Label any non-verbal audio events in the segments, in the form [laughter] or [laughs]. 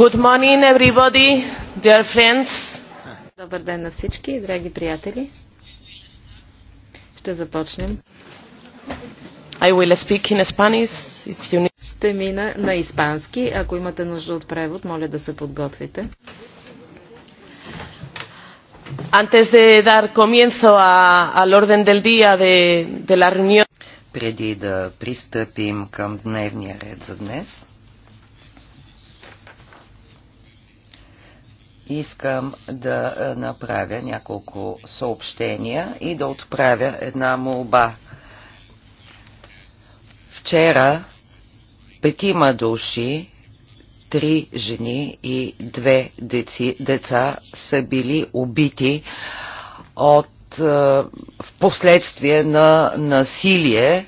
Good morning, everybody, dear friends. Добър ден на всички, драги приятели. Ще започнем. I will speak in Spanish if you need. Ще мина на испански. Ако имате нужда от превод, моля да се подготвите. Antes de dar comienzo a, al orden del día de, de la reunión. Преди да пристъпим към дневния ред за днес, искам да е, направя няколко съобщения и да отправя една молба. Вчера петима души, три жени и две деци, деца са били убити от е, в последствие на насилие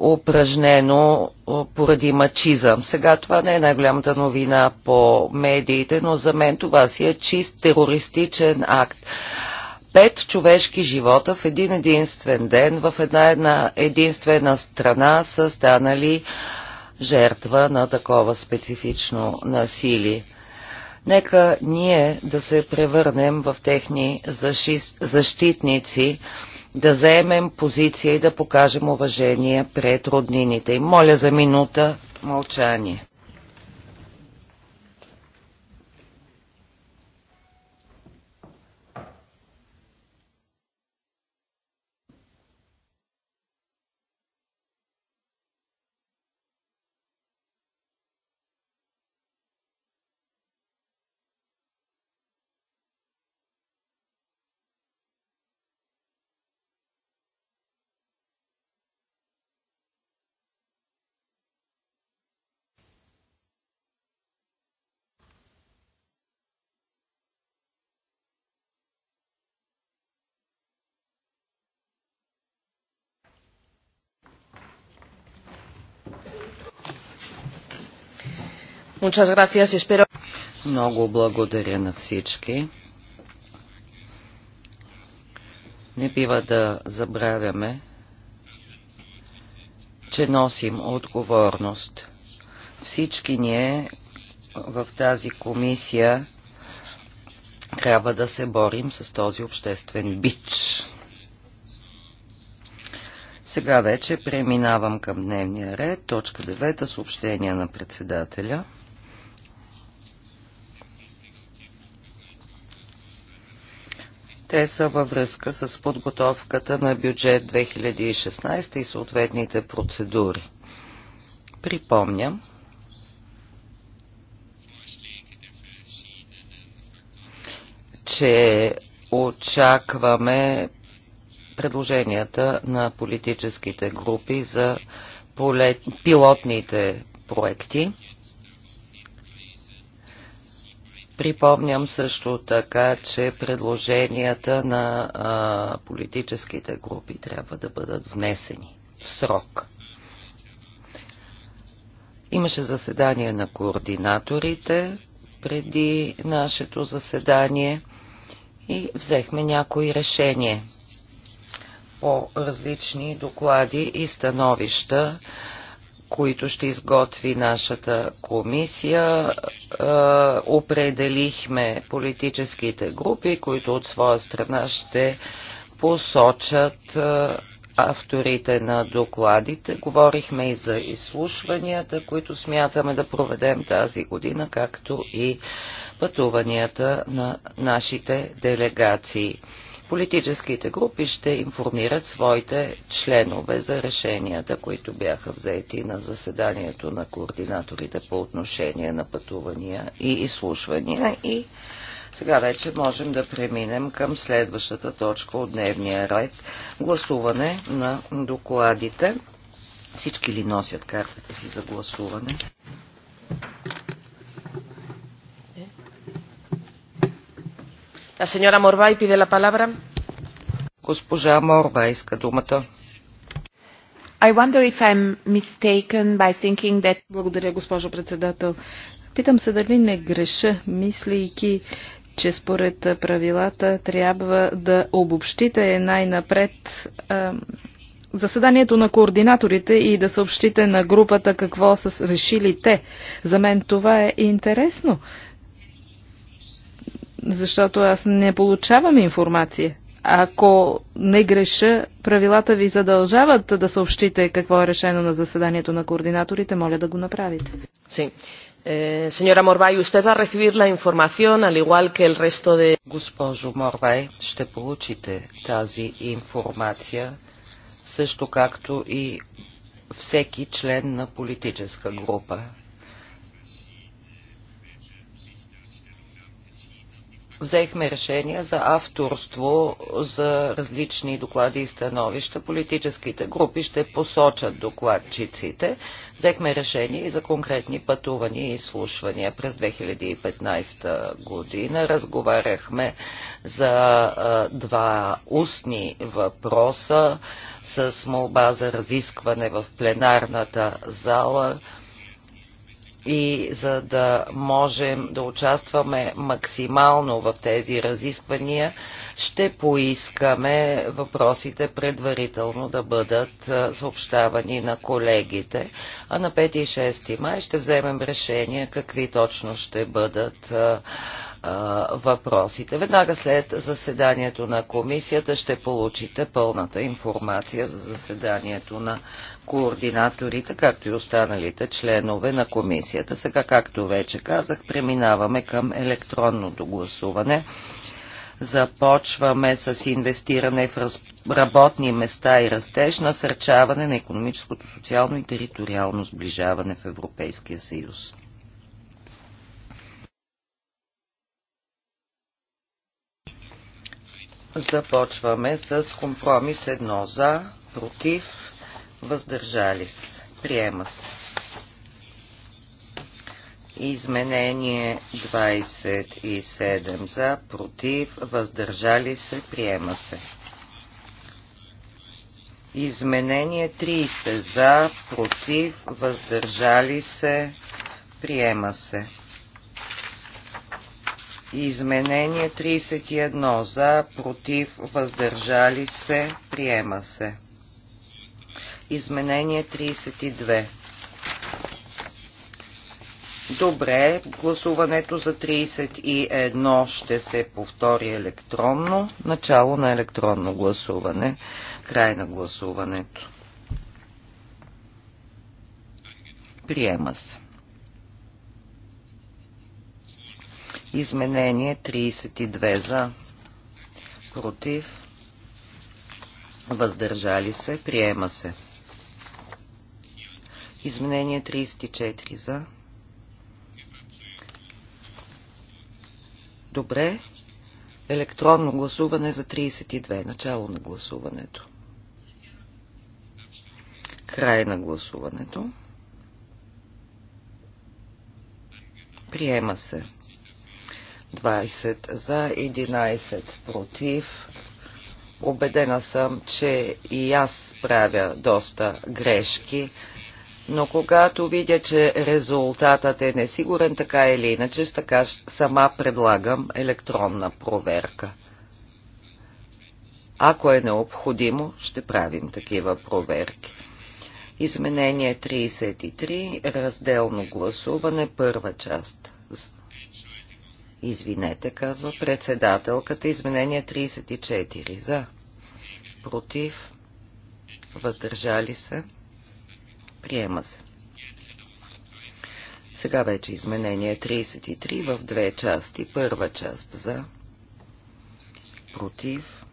упражнено поради мачизъм. Сега това не е най-голямата новина по медиите, но за мен това си е чист терористичен акт. Пет човешки живота в един единствен ден в една, една единствена страна са станали жертва на такова специфично насилие. Нека ние да се превърнем в техни защитници, да заемем позиция и да покажем уважение пред роднините и Моля за минута мълчание. muchas gracias. Espero... Много благодаря на всички. Не бива да забравяме, че носим отговорност. Всички ние в тази комисия трябва да се борим с този обществен бич. Сега вече преминавам към дневния ред. Точка 9. Съобщение на председателя. Те са във връзка с подготовката на бюджет 2016 и съответните процедури. Припомням, че очакваме предложенията на политическите групи за пилотните проекти Припомням също така, че предложенията на а, политическите групи трябва да бъдат внесени в срок. Имаше заседание на координаторите преди нашето заседание и взехме някои решения по различни доклади и становища които ще изготви нашата комисия. Е, определихме политическите групи, които от своя страна ще посочат е, авторите на докладите. Говорихме и за изслушванията, които смятаме да проведем тази година, както и пътуванията на нашите делегации. Политическите групи ще информират своите членове за решенията, които бяха взети на заседанието на координаторите по отношение на пътувания и изслушвания и сега вече можем да преминем към следващата точка от дневния ред – гласуване на докладите. Всички ли носят картата си за гласуване? La señora pide la palabra. Госпожа Морва иска думата. I wonder if I'm mistaken by thinking that... Благодаря, госпожо председател. Питам се дали не греша, мислейки, че според правилата трябва да обобщите най-напред заседанието на координаторите и да съобщите на групата какво са решили те. За мен това е интересно защото аз не получавам информация. Ако не греша, правилата ви задължават да съобщите какво е решено на заседанието на координаторите. Моля да го направите. Sí. Eh, señora Morvay, usted va a recibir la información al igual que el resto de... Госпожо Морвай, ще получите тази информация, също както и всеки член на политическа група. взехме решение за авторство за различни доклади и становища. Политическите групи ще посочат докладчиците. Взехме решение и за конкретни пътувания и слушвания през 2015 година. Разговаряхме за два устни въпроса с молба за разискване в пленарната зала и за да можем да участваме максимално в тези разисквания, ще поискаме въпросите предварително да бъдат съобщавани на колегите, а на 5 и 6 май ще вземем решение какви точно ще бъдат въпросите. Веднага след заседанието на комисията ще получите пълната информация за заседанието на координаторите, както и останалите членове на комисията. Сега, както вече казах, преминаваме към електронното гласуване. Започваме с инвестиране в работни места и растеж, насърчаване на економическото, социално и териториално сближаване в Европейския съюз. Започваме с компромис 1 за, против, въздържали се. Приема се. Изменение 27 за, против, въздържали се, приема се. Изменение 30 за, против, въздържали се, приема се. Изменение 31. За, против, въздържали се, приема се. Изменение 32. Добре, гласуването за 31 ще се повтори електронно. Начало на електронно гласуване. Край на гласуването. Приема се. Изменение 32 за. Против. Въздържали се. Приема се. Изменение 34 за. Добре. Електронно гласуване за 32. Начало на гласуването. Край на гласуването. Приема се. 20 за, 11 против. Обедена съм, че и аз правя доста грешки, но когато видя, че резултатът е несигурен, така или иначе, така сама предлагам електронна проверка. Ако е необходимо, ще правим такива проверки. Изменение 33, разделно гласуване, първа част. Извинете, казва председателката. Изменение 34. За. Против. Въздържали се. Приема се. Сега вече изменение 33 в две части. Първа част за. Против.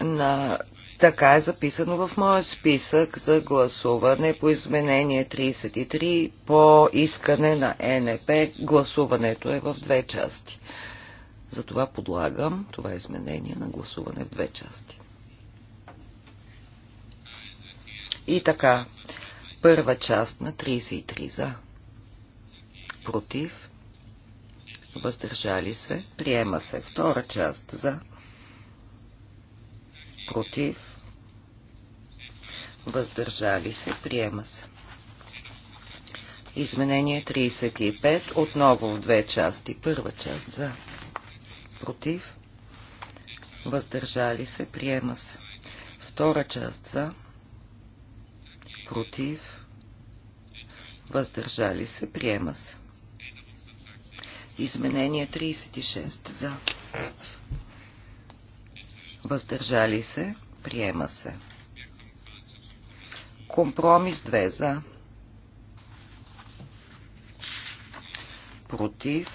На така е записано в моя списък за гласуване по изменение 33 по искане на НП. Гласуването е в две части. Затова подлагам това изменение на гласуване в две части. И така, първа част на 33 за. Против. Въздържали се. Приема се. Втора част за. Против въздържали се, приема се. Изменение 35, отново в две части. Първа част за, против, въздържали се, приема се. Втора част за, против, въздържали се, приема се. Изменение 36 за, въздържали се, приема се. Компромис 2 за. Против.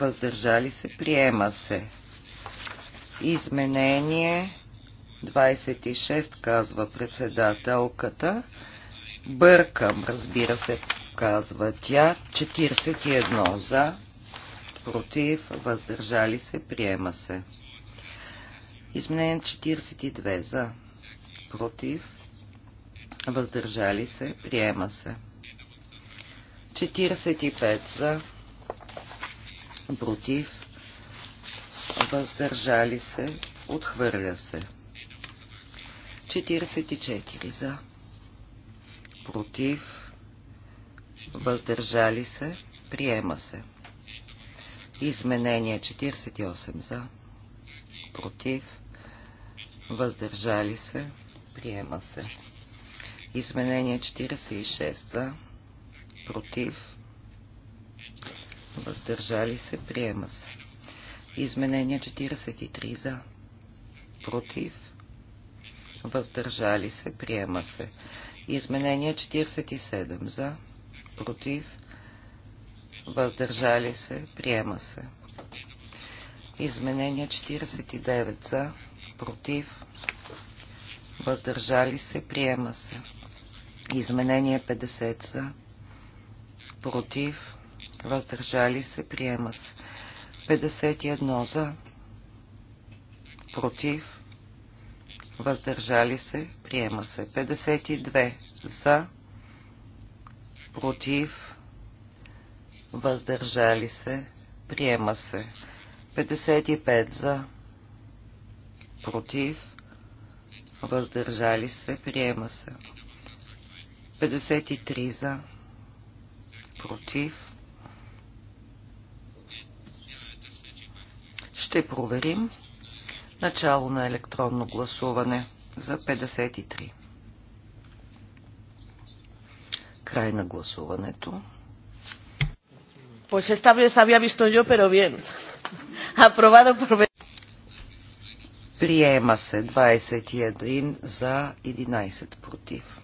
Въздържали се. Приема се. Изменение 26, казва председателката. Бъркам, разбира се, казва тя. 41 за, против, въздържали се, приема се. Изменение 42 за, против, въздържали се, приема се. 45 за, против, въздържали се, отхвърля се. 44 за, против, въздържали се, приема се. Изменение 48 за, против, въздържали се, Приема се. Изменение 46 за. Против. Въздържали се. Приема се. Изменение 43 за. Против. Въздържали се. Приема се. Изменение 47 за. Против. Въздържали се. Приема се. Изменение 49 за. Против въздържали се, приема се. Изменение 50 за, против, въздържали се, приема се. 51 за, против, въздържали се, приема се. 52 за, против, въздържали се, приема се. 55 за, против, въздържали се, приема се. 53 за, против. Ще проверим начало на електронно гласуване за 53. Край на гласуването. Pues esta vez había visto yo, pero bien. [laughs] Aprobado por Приема се 21 за 11 против.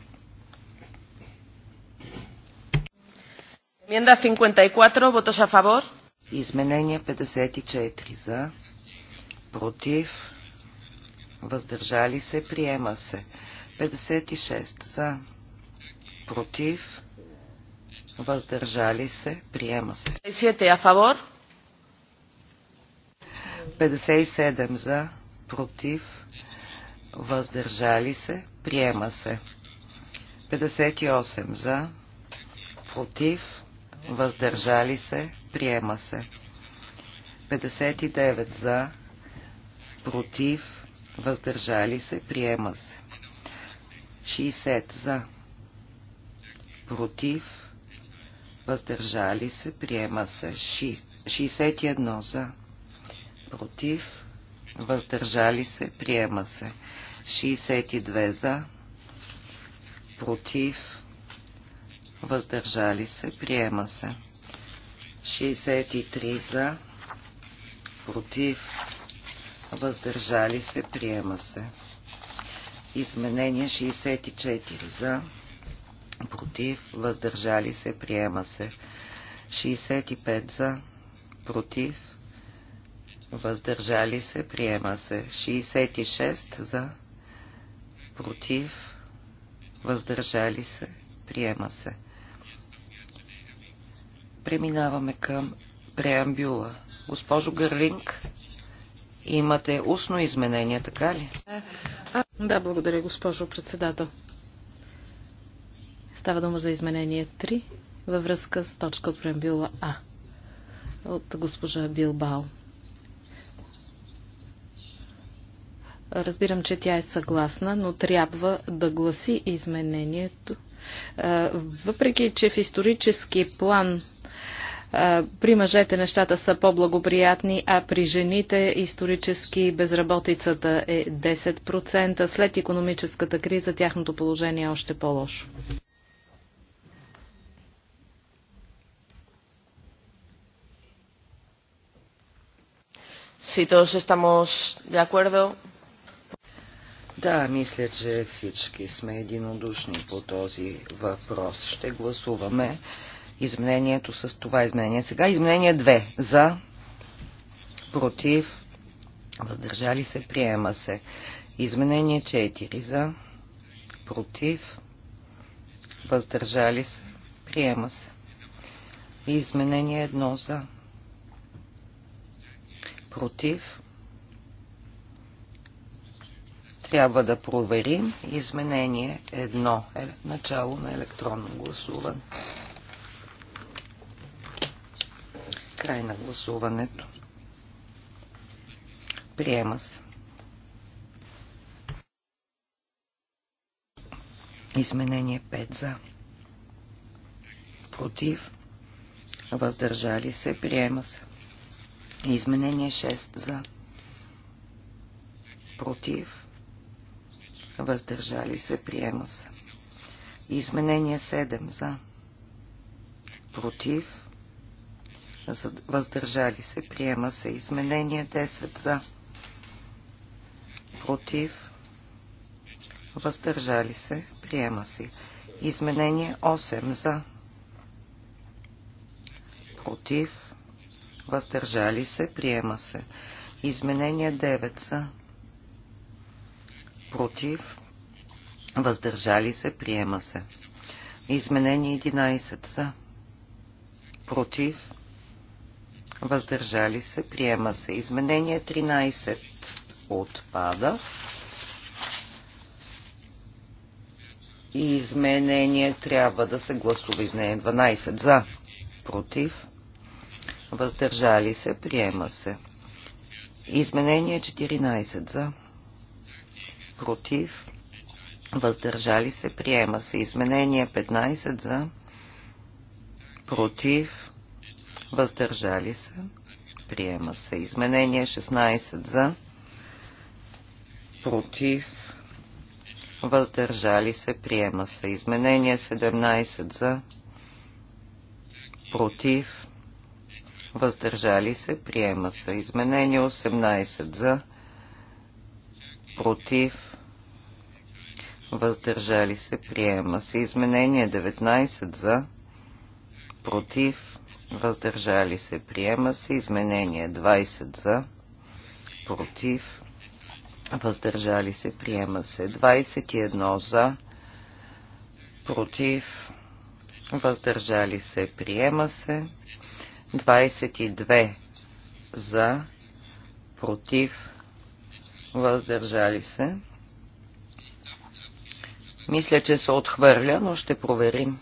Enmienda 54, votos a favor. Изменение 54 за, против, въздържали се, приема се. 56 за, против, въздържали се, приема се. 57 фавор. 57 за, против, въздържали се, приема се. 58 за, против, въздържали се, приема се. 59 за, против, въздържали се, приема се. 60 за, против, въздържали се, приема се. 61 за, против, въздържали се, приема се. 62 за, против, въздържали се, приема се. 63 за, против, въздържали се, приема се. Изменение 64 за, против, въздържали се, приема се. 65 за, против, въздържали се, приема се. 66 за, против, въздържали се, приема се. Преминаваме към преамбюла. Госпожо Гърлинг, имате устно изменение, така ли? Да, благодаря, госпожо председател. Става дума за изменение 3 във връзка с точка от преамбюла А от госпожа Билбао. Разбирам, че тя е съгласна, но трябва да гласи изменението. Въпреки, че в исторически план при мъжете нещата са по-благоприятни, а при жените исторически безработицата е 10%. След економическата криза тяхното положение е още по-лошо. Si todos estamos de acuerdo, да, мисля, че всички сме единодушни по този въпрос. Ще гласуваме изменението с това изменение. Сега изменение 2. За, против, въздържали се, приема се. Изменение 4. За, против, въздържали се, приема се. Изменение 1. За, против, Трябва да проверим изменение 1. Е, начало на електронно гласуване. Край на гласуването. Приема се. Изменение 5 за. Против. Въздържали се. Приема се. Изменение 6 за. Против въздържали се, приема се. Изменение 7 за, против, въздържали се, приема се. Изменение 10 за, против, въздържали се, приема се. Изменение 8 за, против, въздържали се, приема се. Изменение 9 за, против, въздържали се, приема се. Изменение 11 за, против, въздържали се, приема се. Изменение 13 отпада. И изменение трябва да се гласува изменение 12 за, против, въздържали се, приема се. Изменение 14 за, против, въздържали се, приема се. Изменение 15 за, против, въздържали се, приема се. Изменение 16 за, против, въздържали се, приема се. Изменение 17 за, против, въздържали се, приема се. Изменение 18 за, против, въздържали се, приема се. Изменение 19 за, против, въздържали се, приема се. Изменение 20 за, против, въздържали се, приема се. 21 за, против, въздържали се, приема се. 22 за, против, въздържали се. Мисля, че се отхвърля, но ще проверим.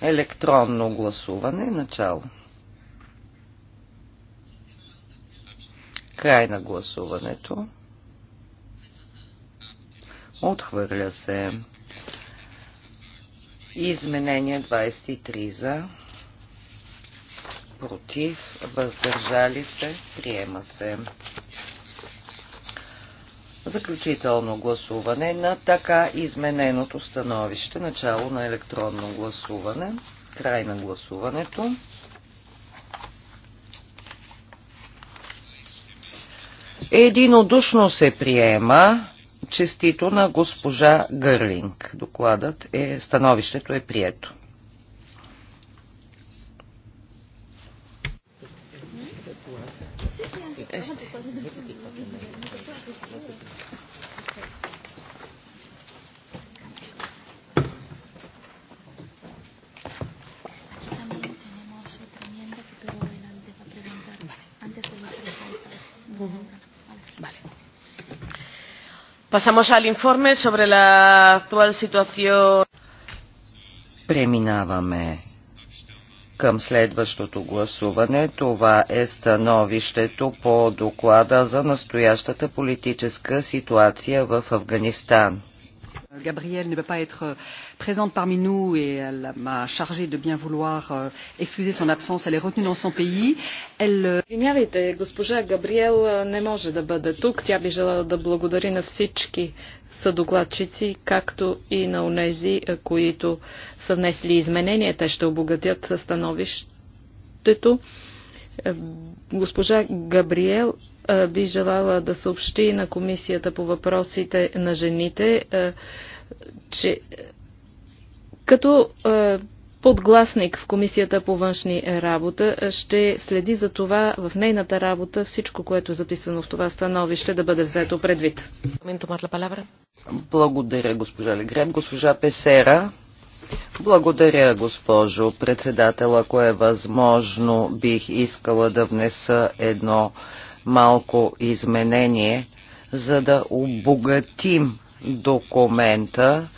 Електронно гласуване. Начало. Край на гласуването. Отхвърля се. Изменение 23 за. Против. Въздържали се. Приема се. Заключително гласуване на така измененото становище. Начало на електронно гласуване. Край на гласуването. Единодушно се приема честито на госпожа Гърлинг. Докладът е, становището е прието. Pasamos al informe sobre la actual situación. Преминаваме към следващото гласуване. Това е становището по доклада за настоящата политическа ситуация в Афганистан. Gabrielle ne peut pas être euh, présente parmi nous et elle m'a chargée de bien vouloir euh, excuser son absence. Elle est retenue dans son pays. Elle... Euh, Извинявайте, госпожа Габриел не може да бъде тук. Тя би желала да благодари на всички съдокладчици, както и на унези, които са внесли изменения. Те ще обогатят становището. Е, госпожа Габриел би желала да съобщи на Комисията по въпросите на жените че като е, подгласник в Комисията по външни работа е, ще следи за това в нейната работа всичко, което е записано в това становище да бъде взето предвид. Благодаря, госпожа Легрен. Госпожа Песера. Благодаря, госпожо председател. Ако е възможно, бих искала да внеса едно малко изменение, за да обогатим документа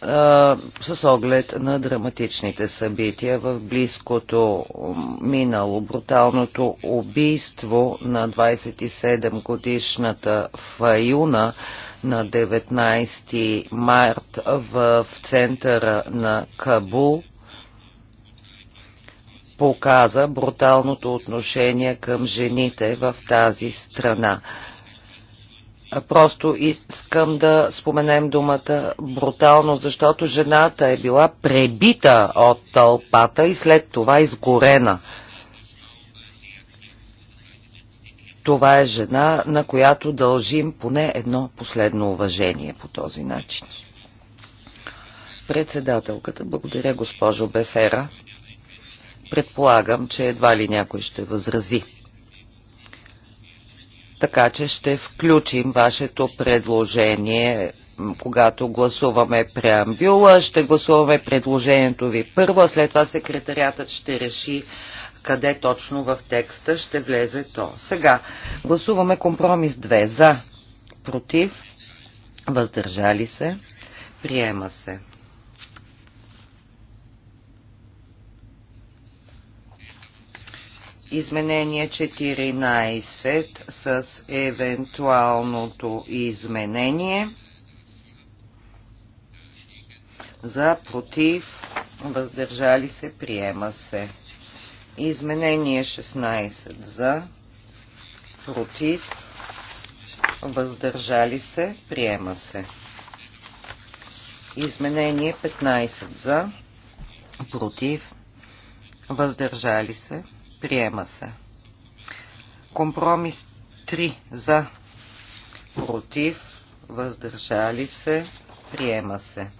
а, с оглед на драматичните събития в близкото минало. Бруталното убийство на 27-годишната Фаюна на 19 март в центъра на Кабул показа бруталното отношение към жените в тази страна. Просто искам да споменем думата брутално, защото жената е била пребита от тълпата и след това изгорена. Това е жена, на която дължим поне едно последно уважение по този начин. Председателката, благодаря госпожо Бефера. Предполагам, че едва ли някой ще възрази така че ще включим вашето предложение когато гласуваме преамбюла, ще гласуваме предложението ви първо, а след това секретариатът ще реши къде точно в текста ще влезе то. Сега гласуваме компромис 2 за, против, въздържали се, приема се. изменение 14 с евентуалното изменение за против въздържали се приема се изменение 16 за против въздържали се приема се изменение 15 за против въздържали се Приема се. Компромис 3 за. Против. Въздържали се. Приема се.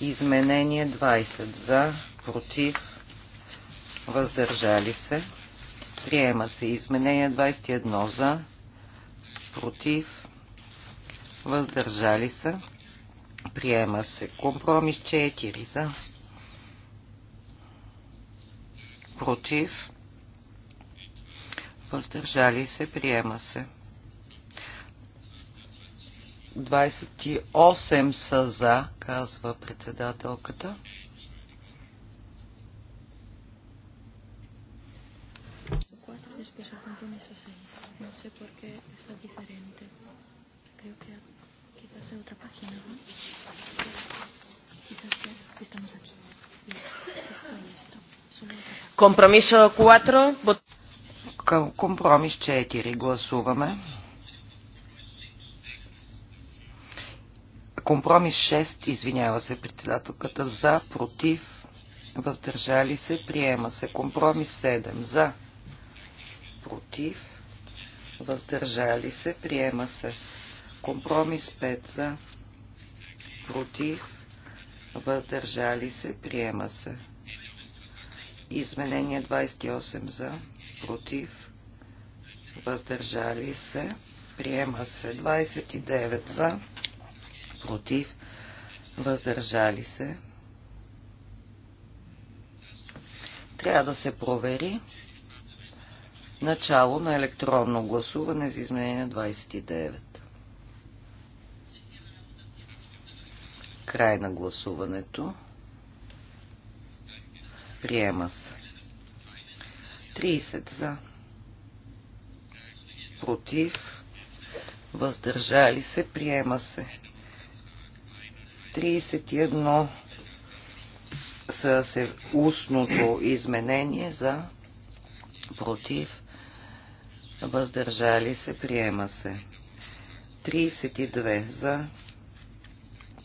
Изменение 20 за. Против. Въздържали се. Приема се. Изменение 21 за. Против. Въздържали се. Приема се. Компромис 4 за против, въздържали се, приема се. 28 са за, казва председателката. Quizás en otra página, ¿no? Quizás estamos aquí. Компромис 4. Компромис 4. Гласуваме. Компромис 6. Извинява се председателката. За, против, въздържали се, приема се. Компромис 7. За, против, въздържали се, приема се. Компромис 5. За, против, въздържали се, приема се. Изменение 28 за, против, въздържали се, приема се. 29 за, против, въздържали се. Трябва да се провери начало на електронно гласуване за изменение 29. Край на гласуването. Приема се. 30 за. Против. Въздържали се. Приема се. 31 с устното изменение за против въздържали се приема се 32 за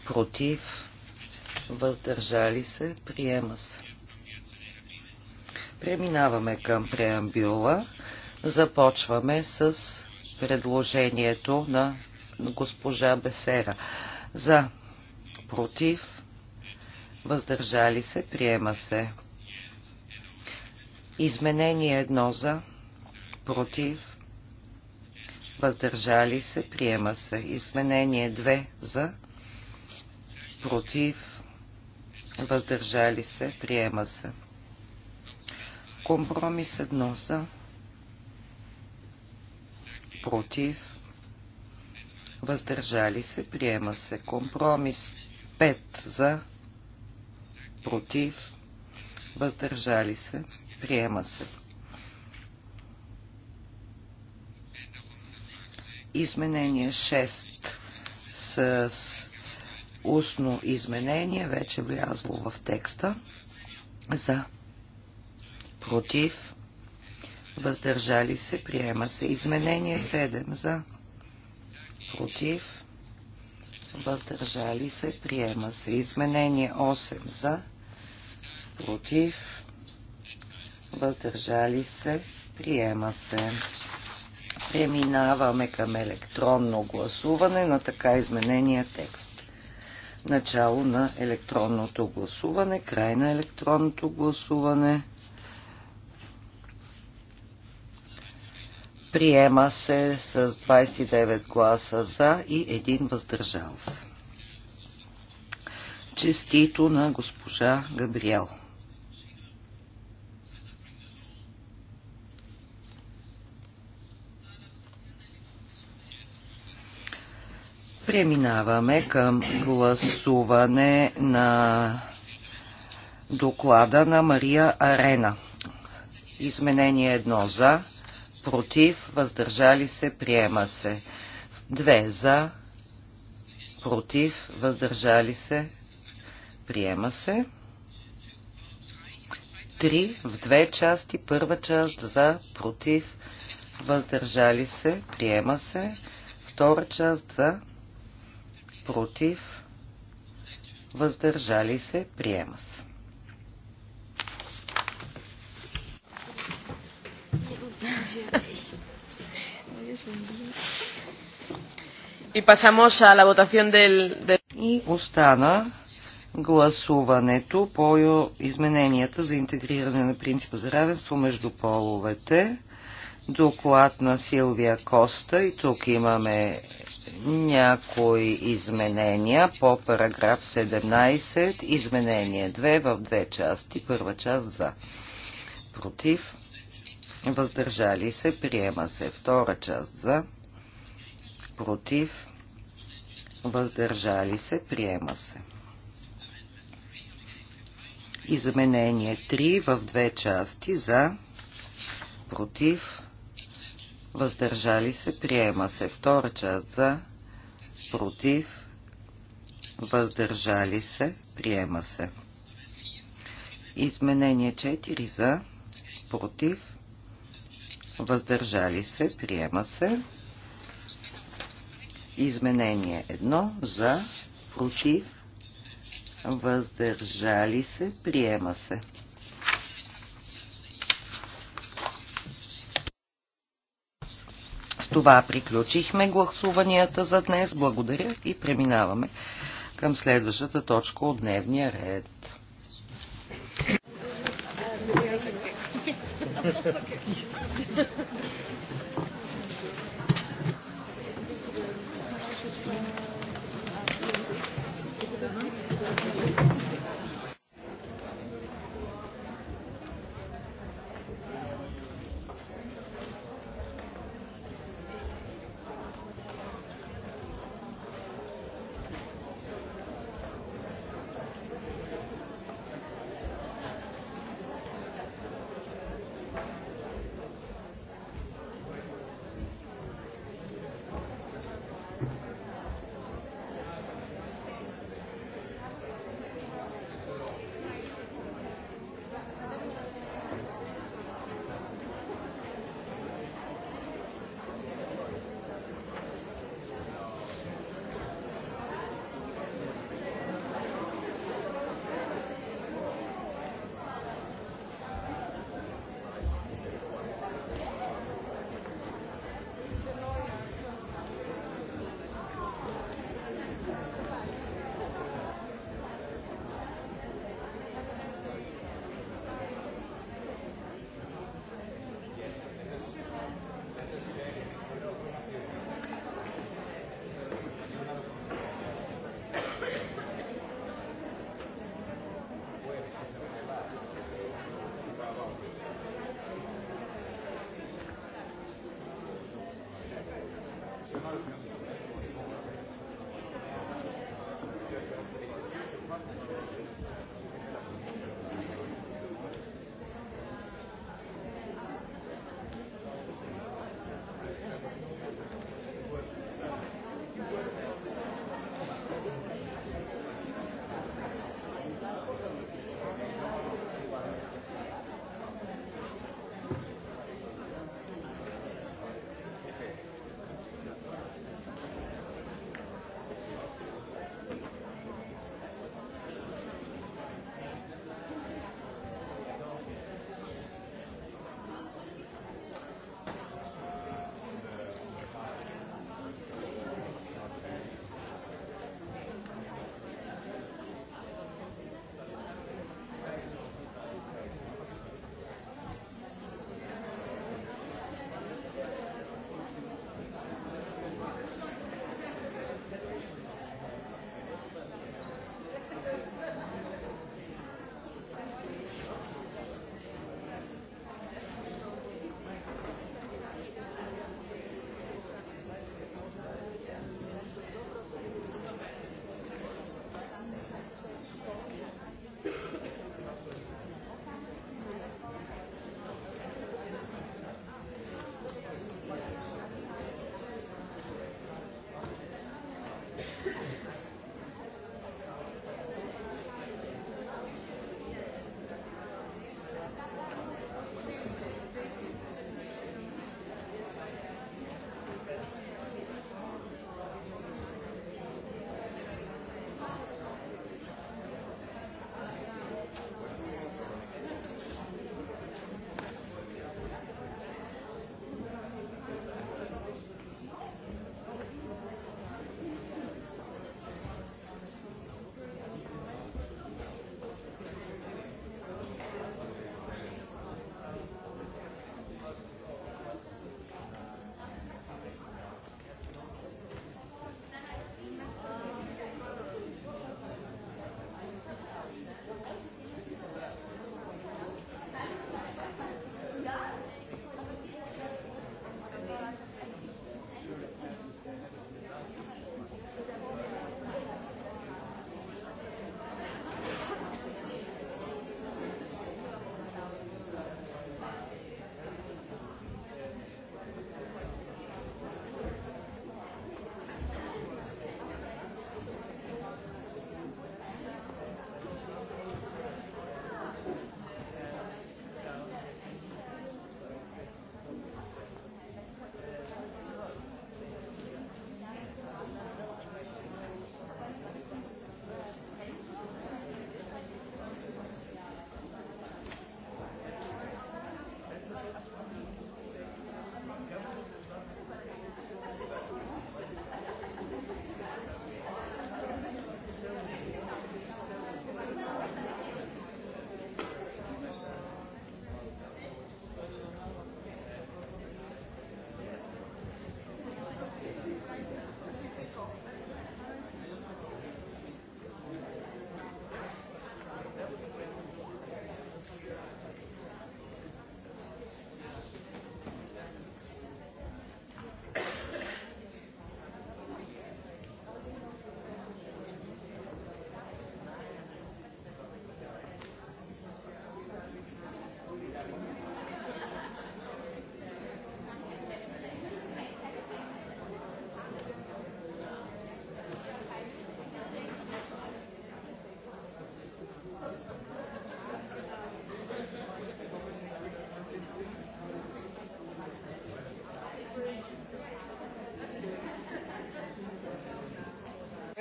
против, въздържали се, приема се. Преминаваме към преамбюла. Започваме с предложението на госпожа Бесера. За, против, въздържали се, приема се. Изменение едно за, против, въздържали се, приема се. Изменение 2 за, против, въздържали се, приема се. Компромис едно за, против, въздържали се, приема се. Компромис 5 за, против, въздържали се, приема се. Изменение 6 с устно изменение, вече влязло в текста, за, против, въздържали се, приема се. Изменение 7 за, против, въздържали се, приема се. Изменение 8 за, против, въздържали се, приема се. Преминаваме към електронно гласуване на така изменения текст начало на електронното гласуване, край на електронното гласуване. Приема се с 29 гласа за и един въздържал се. Честито на госпожа Габриел. Преминаваме към гласуване на доклада на Мария Арена. Изменение 1 за, против, въздържали се, приема се. Две за, против, въздържали се, приема се. Три, в две части, първа част за, против, въздържали се, приема се. Втора част за, против, въздържали се, приема се. И И остана гласуването по измененията за интегриране на принципа за равенство между половете доклад на Силвия Коста и тук имаме някои изменения по параграф 17, изменение 2 в две части, първа част за против, въздържали се, приема се втора част за против, въздържали се, приема се. Изменение 3 в две части за против, въздържали се, приема се. Втора част за, против, въздържали се, приема се. Изменение 4 за, против, въздържали се, приема се. Изменение 1 за, против, въздържали се, приема се. С това приключихме гласуванията за днес. Благодаря и преминаваме към следващата точка от дневния ред. [laughs]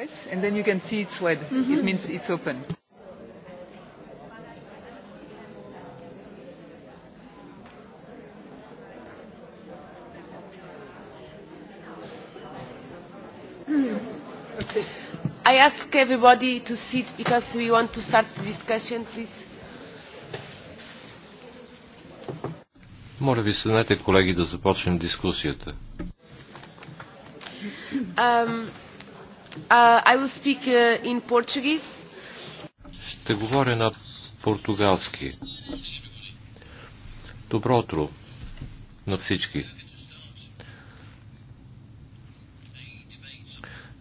press and then you can see it's red. Mm-hmm. It means it's open. I ask everybody to sit because we want to start the discussion, please. Моля ви, седнете, колеги, да започнем дискусията. Um, Uh, uh, Ще говоря на португалски. Добро утро на всички.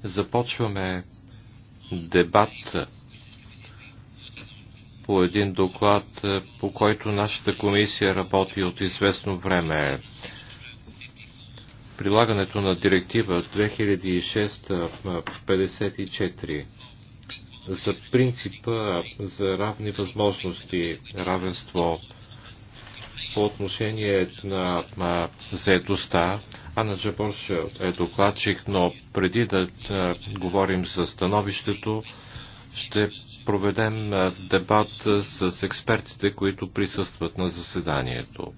Започваме дебат по един доклад, по който нашата комисия работи от известно време прилагането на директива 2006-54 за принципа за равни възможности, равенство по отношение на, заедостта. Анна Джаборш е докладчик, но преди да говорим за становището, ще проведем дебат с експертите, които присъстват на заседанието.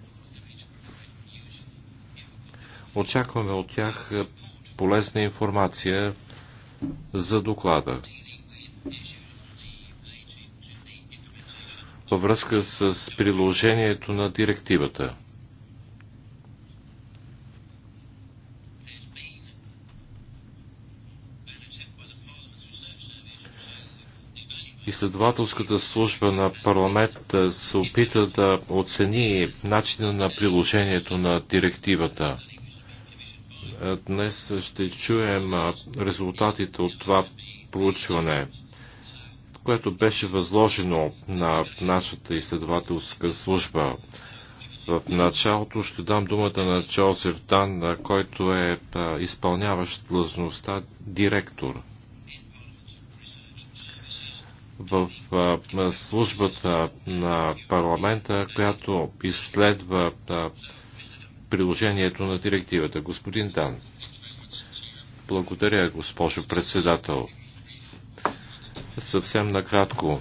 Очакваме от тях е, полезна информация за доклада. Във връзка с приложението на директивата. изследователската служба на парламента се опита да оцени начина на приложението на директивата. Е, днес ще чуем резултатите от това проучване, което беше възложено на нашата изследователска служба. В началото ще дам думата на Джозеф Дан, който е изпълняващ длъжността директор. В службата на парламента, която изследва приложението на директивата. Господин Дан. Благодаря, госпожо председател. Съвсем накратко.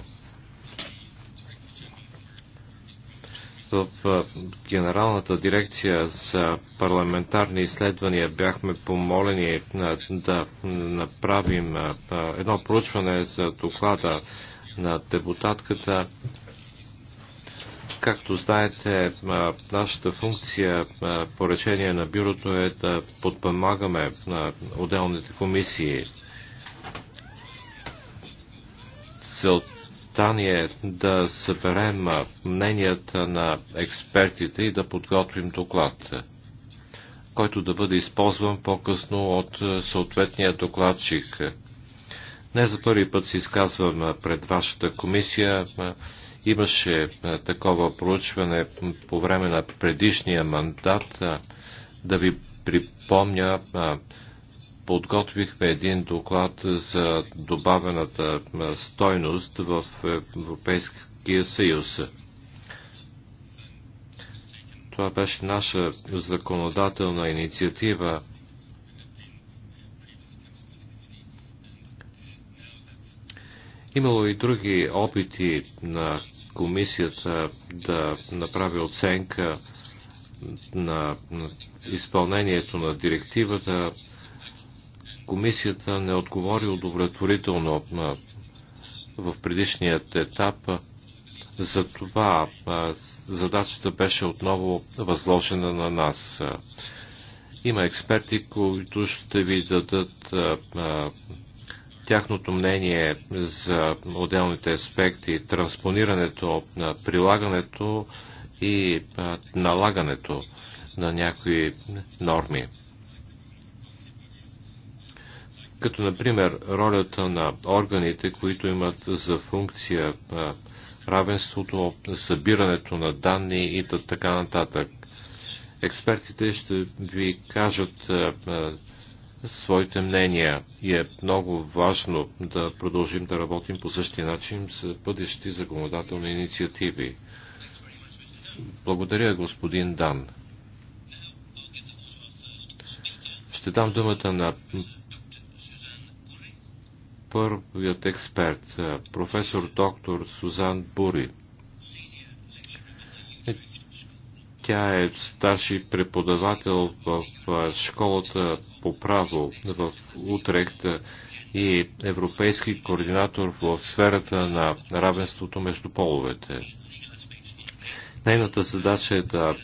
В Генералната дирекция за парламентарни изследвания бяхме помолени да направим едно проучване за доклада на депутатката Както знаете, нашата функция по решение на бюрото е да подпомагаме на отделните комисии. Целта ни е да съберем мненията на експертите и да подготвим доклад, който да бъде използван по-късно от съответния докладчик. Не за първи път се изказвам пред вашата комисия Имаше е, такова проучване по време на предишния мандат. Е, да ви припомня, е, подготвихме един доклад за добавената стойност в Европейския съюз. Това беше наша законодателна инициатива. Имало и други опити на комисията да направи оценка на изпълнението на директивата. Комисията не отговори удовлетворително в предишният етап. Затова задачата беше отново възложена на нас. Има експерти, които ще ви дадат тяхното мнение за отделните аспекти, транспонирането, прилагането и налагането на някои норми. Като, например, ролята на органите, които имат за функция равенството, събирането на данни и така нататък. Експертите ще ви кажат своите мнения и е много важно да продължим да работим по същия начин за бъдещи законодателни инициативи. Благодаря, господин Дан. Ще дам думата на първият експерт, професор доктор Сузан Бури. Тя е старши преподавател в школата по право в Утрехт и европейски координатор в сферата на равенството между половете. Нейната задача е да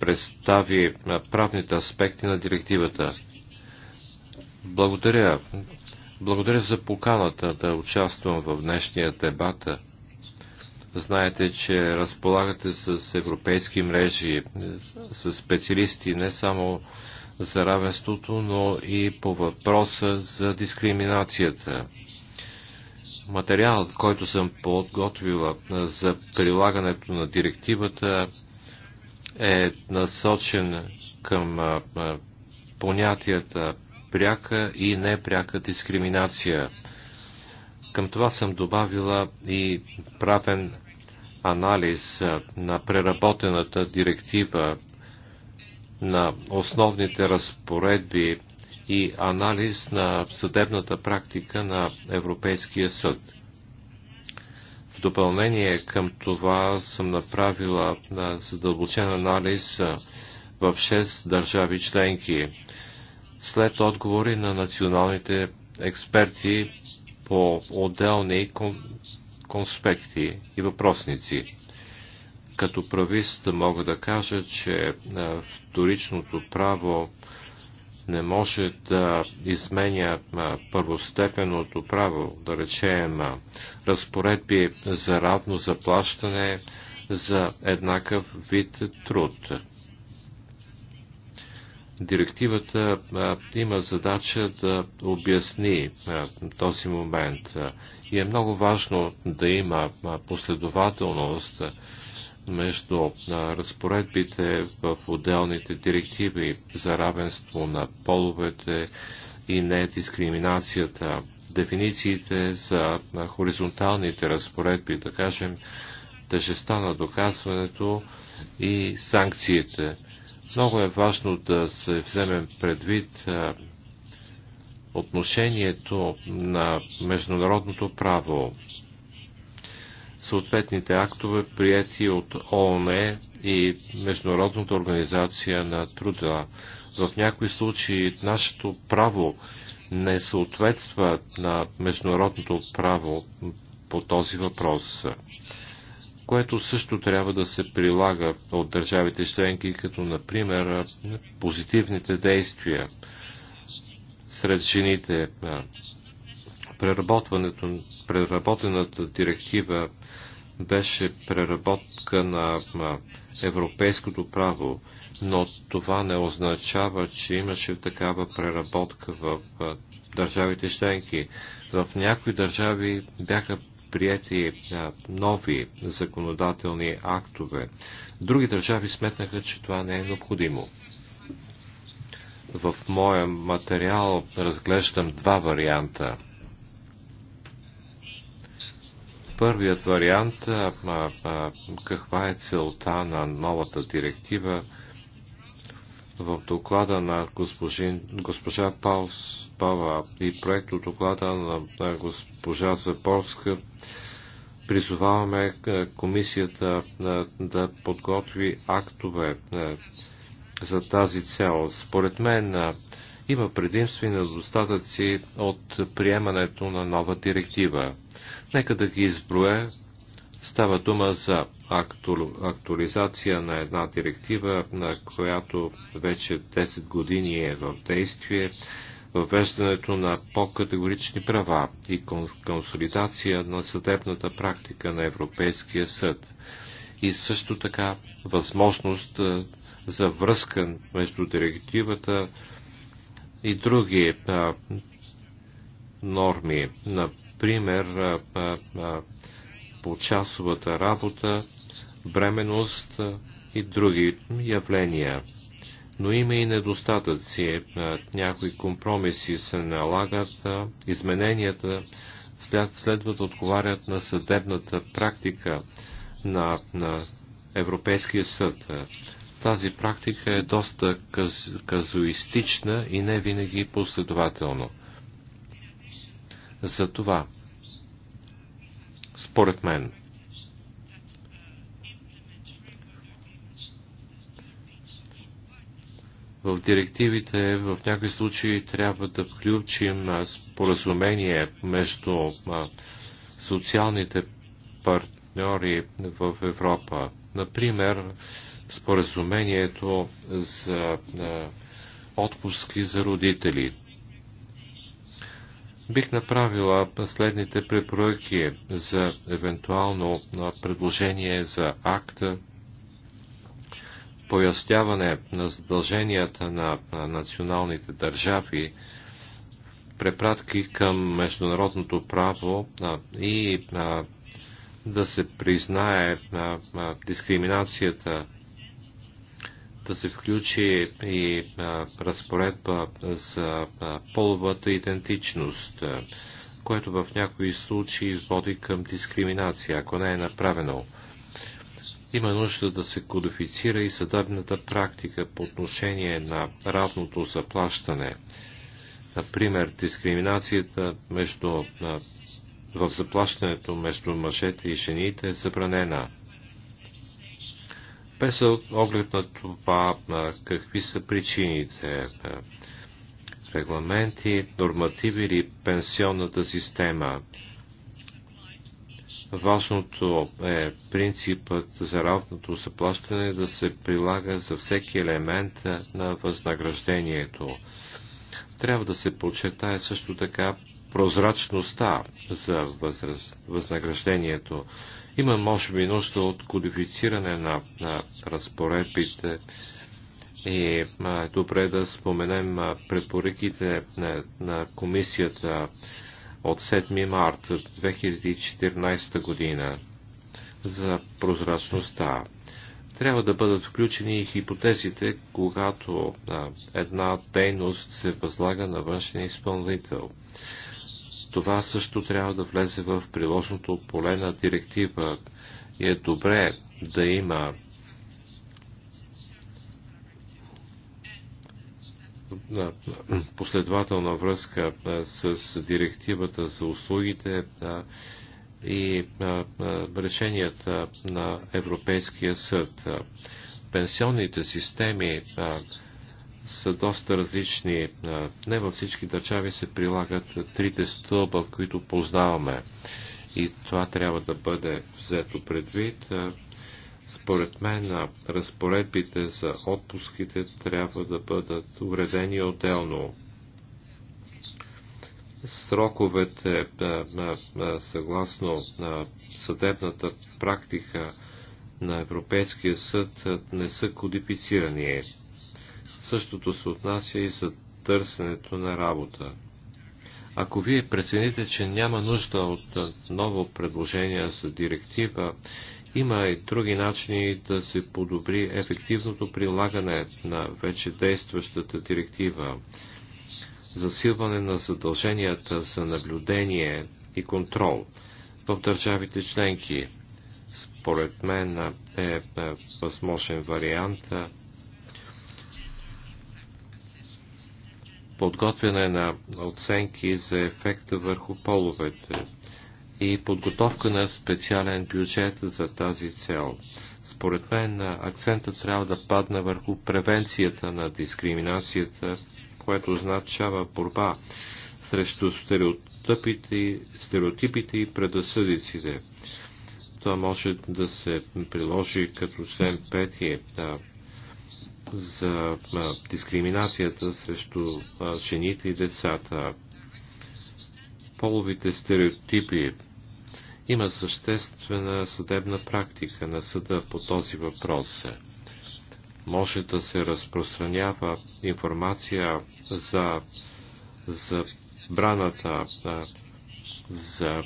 представи правните аспекти на директивата. Благодаря. Благодаря за поканата да участвам в днешния дебат. Знаете, че разполагате с европейски мрежи, с специалисти не само за равенството, но и по въпроса за дискриминацията. Материалът, който съм подготвила за прилагането на директивата, е насочен към понятията пряка и непряка дискриминация – към това съм добавила и правен анализ на преработената директива на основните разпоредби и анализ на съдебната практика на Европейския съд. В допълнение към това съм направила на задълбочен анализ в 6 държави членки. След отговори на националните експерти по отделни конспекти и въпросници. Като правист мога да кажа, че е, вторичното право не може да изменя е, първостепенното право, да речем е, разпоредби за равно заплащане за еднакъв вид труд. Директивата има задача да обясни този момент и е много важно да има последователност между разпоредбите в отделните директиви за равенство на половете и недискриминацията, дефинициите за хоризонталните разпоредби, да кажем, тежеста на доказването и санкциите. Много е важно да се вземем предвид отношението на международното право. Съответните актове, прияти от ООН и Международната организация на труда. В някои случаи нашето право не съответства на международното право по този въпрос което също трябва да се прилага от държавите членки, като например позитивните действия сред жените, преработването, преработената директива беше преработка на европейското право, но това не означава, че имаше такава преработка в държавите членки. В някои държави бяха прияти нови законодателни актове. Други държави сметнаха, че това не е необходимо. В моя материал разглеждам два варианта. Първият вариант, каква е целта на новата директива, в доклада на госпожин, госпожа Пава и проекто доклада на, на госпожа Запорска призоваваме е, комисията да, е, да подготви актове е, за тази цел. Според мен има предимства и недостатъци от приемането на нова директива. Нека да ги изброя Става дума за акту... актуализация на една директива, на която вече 10 години е в действие, въвеждането на по-категорични права и консолидация на съдебната практика на Европейския съд и също така възможност за връзка между директивата и други а, норми, например а, а, почасовата работа, бременност и други явления. Но има и недостатъци. Някои компромиси се налагат, измененията след, следват отговарят на съдебната практика на, на Европейския съд. Тази практика е доста каз, казуистична и не винаги последователно. Затова според мен. В директивите в някои случаи трябва да включим споразумение между социалните партньори в Европа. Например, споразумението за отпуски за родители бих направила следните препоръки за евентуално предложение за акта, поясняване на задълженията на националните държави, препратки към международното право и да се признае дискриминацията да се включи и разпоредба за половата идентичност, което в някои случаи води към дискриминация, ако не е направено. Има нужда да се кодифицира и съдебната практика по отношение на равното заплащане. Например, дискриминацията между, в заплащането между мъжете и жените е забранена без оглед на това какви са причините, регламенти, нормативи или пенсионната система. Важното е принципът за равното заплащане да се прилага за всеки елемент на възнаграждението. Трябва да се почетае също така прозрачността за възнаграждението. Има, може би, нужда от кодифициране на, на разпоредбите и а, е добре да споменем а, препоръките на, на комисията от 7 март 2014 година за прозрачността. Трябва да бъдат включени и хипотезите, когато а, една дейност се възлага на външния изпълнител. Това също трябва да влезе в приложното поле на директива и е добре да има последователна връзка с директивата за услугите и решенията на Европейския съд. Пенсионните системи са доста различни. Не във всички държави се прилагат трите стълба, които познаваме. И това трябва да бъде взето предвид. Според мен разпоредбите за отпуските трябва да бъдат уредени отделно. Сроковете съгласно съдебната практика на Европейския съд не са кодифицирани Същото се отнася и за търсенето на работа. Ако вие прецените, че няма нужда от ново предложение за директива, има и други начини да се подобри ефективното прилагане на вече действащата директива. Засилване на задълженията за наблюдение и контрол в държавите членки. Според мен е, е възможен вариант подготвяне на оценки за ефекта върху половете и подготовка на специален бюджет за тази цел. Според мен акцента трябва да падне върху превенцията на дискриминацията, което означава борба срещу стереотипите, стереотипите и предъсъдиците. Това може да се приложи като член 5 на за дискриминацията срещу жените и децата, половите стереотипи. Има съществена съдебна практика на съда по този въпрос. Може да се разпространява информация за, за браната, за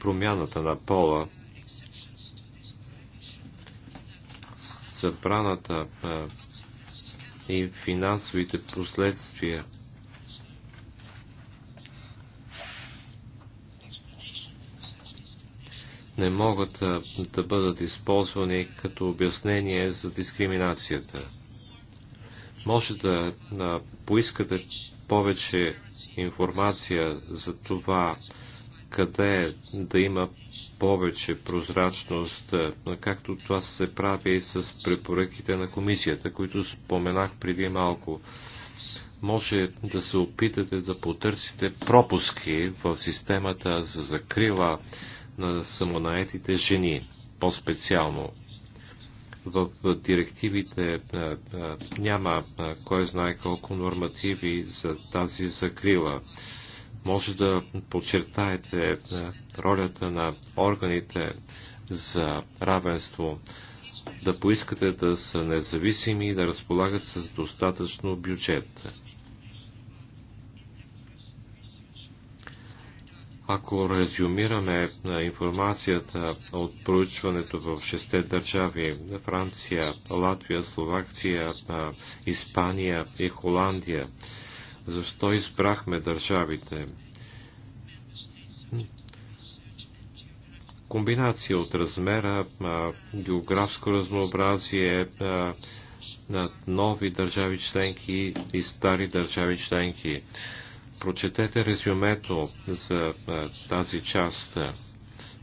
промяната на пола забраната и финансовите последствия. не могат да бъдат използвани като обяснение за дискриминацията. Може да поискате повече информация за това, къде да има повече прозрачност, е, както това се прави и с препоръките на комисията, които споменах преди малко. Може да се опитате да потърсите пропуски в системата за закрила на самонаетите жени, по-специално. В директивите е, е, няма кой знае колко нормативи за тази закрила може да подчертаете е, ролята на органите за равенство, да поискате да са независими и да разполагат с достатъчно бюджет. Ако резюмираме е, информацията от проучването в шесте държави Франция, Латвия, Словакция, е, Испания и Холандия, защо избрахме държавите. Комбинация от размера, географско разнообразие, на нови държави членки и стари държави членки. Прочетете резюмето за тази част.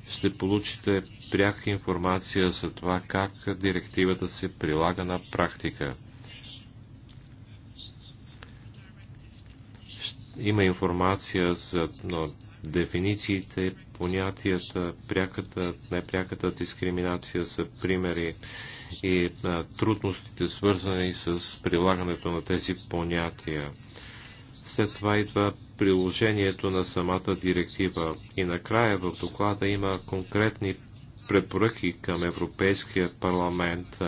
Ще получите пряка информация за това как директивата се прилага на практика. Има информация за но, дефинициите, понятията, пряката, непряката дискриминация са примери и а, трудностите, свързани с прилагането на тези понятия. След това идва приложението на самата директива. И накрая в доклада има конкретни препоръки към Европейския парламент,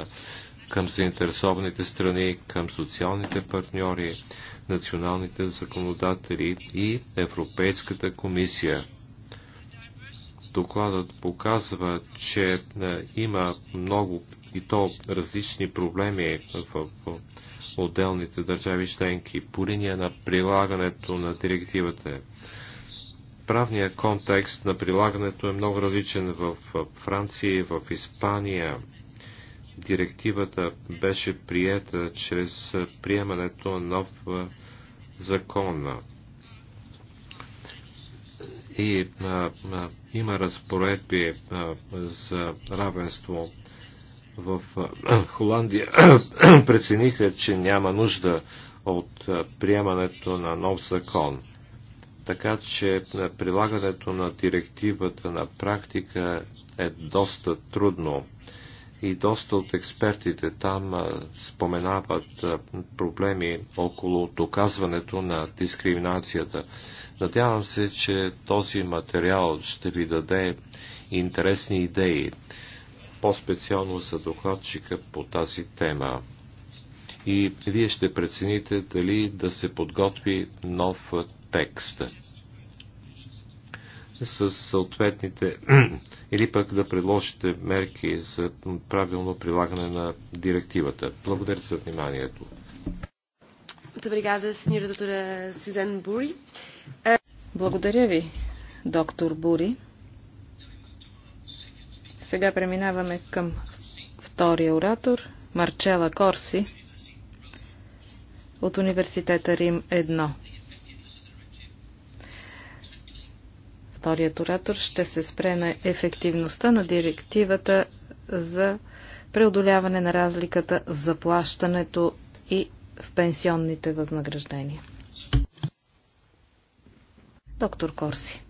към заинтересованите страни, към социалните партньори, националните законодатели и Европейската комисия. Докладът показва, че е, има много и то различни проблеми в отделните държави членки по линия на прилагането на директивата. Правният контекст на прилагането е много различен в Франция, в Испания, Директивата беше приета чрез приемането на нов закон. И а, а, има разпоредби а, за равенство в Холандия [coughs] прецениха, че няма нужда от приемането на нов закон. Така че прилагането на директивата на практика е доста трудно и доста от експертите там споменават проблеми около доказването на дискриминацията. Надявам се, че този материал ще ви даде интересни идеи, по-специално за докладчика по тази тема. И вие ще прецените дали да се подготви нов текст с съответните [clears throat] или пък да предложите мерки за правилно прилагане на директивата. Благодаря за вниманието. Благодаря ви, доктор Бури. Сега преминаваме към втория оратор, Марчела Корси от университета Рим 1. Вторият оратор ще се спре на ефективността на директивата за преодоляване на разликата в заплащането и в пенсионните възнаграждения. Доктор Корси.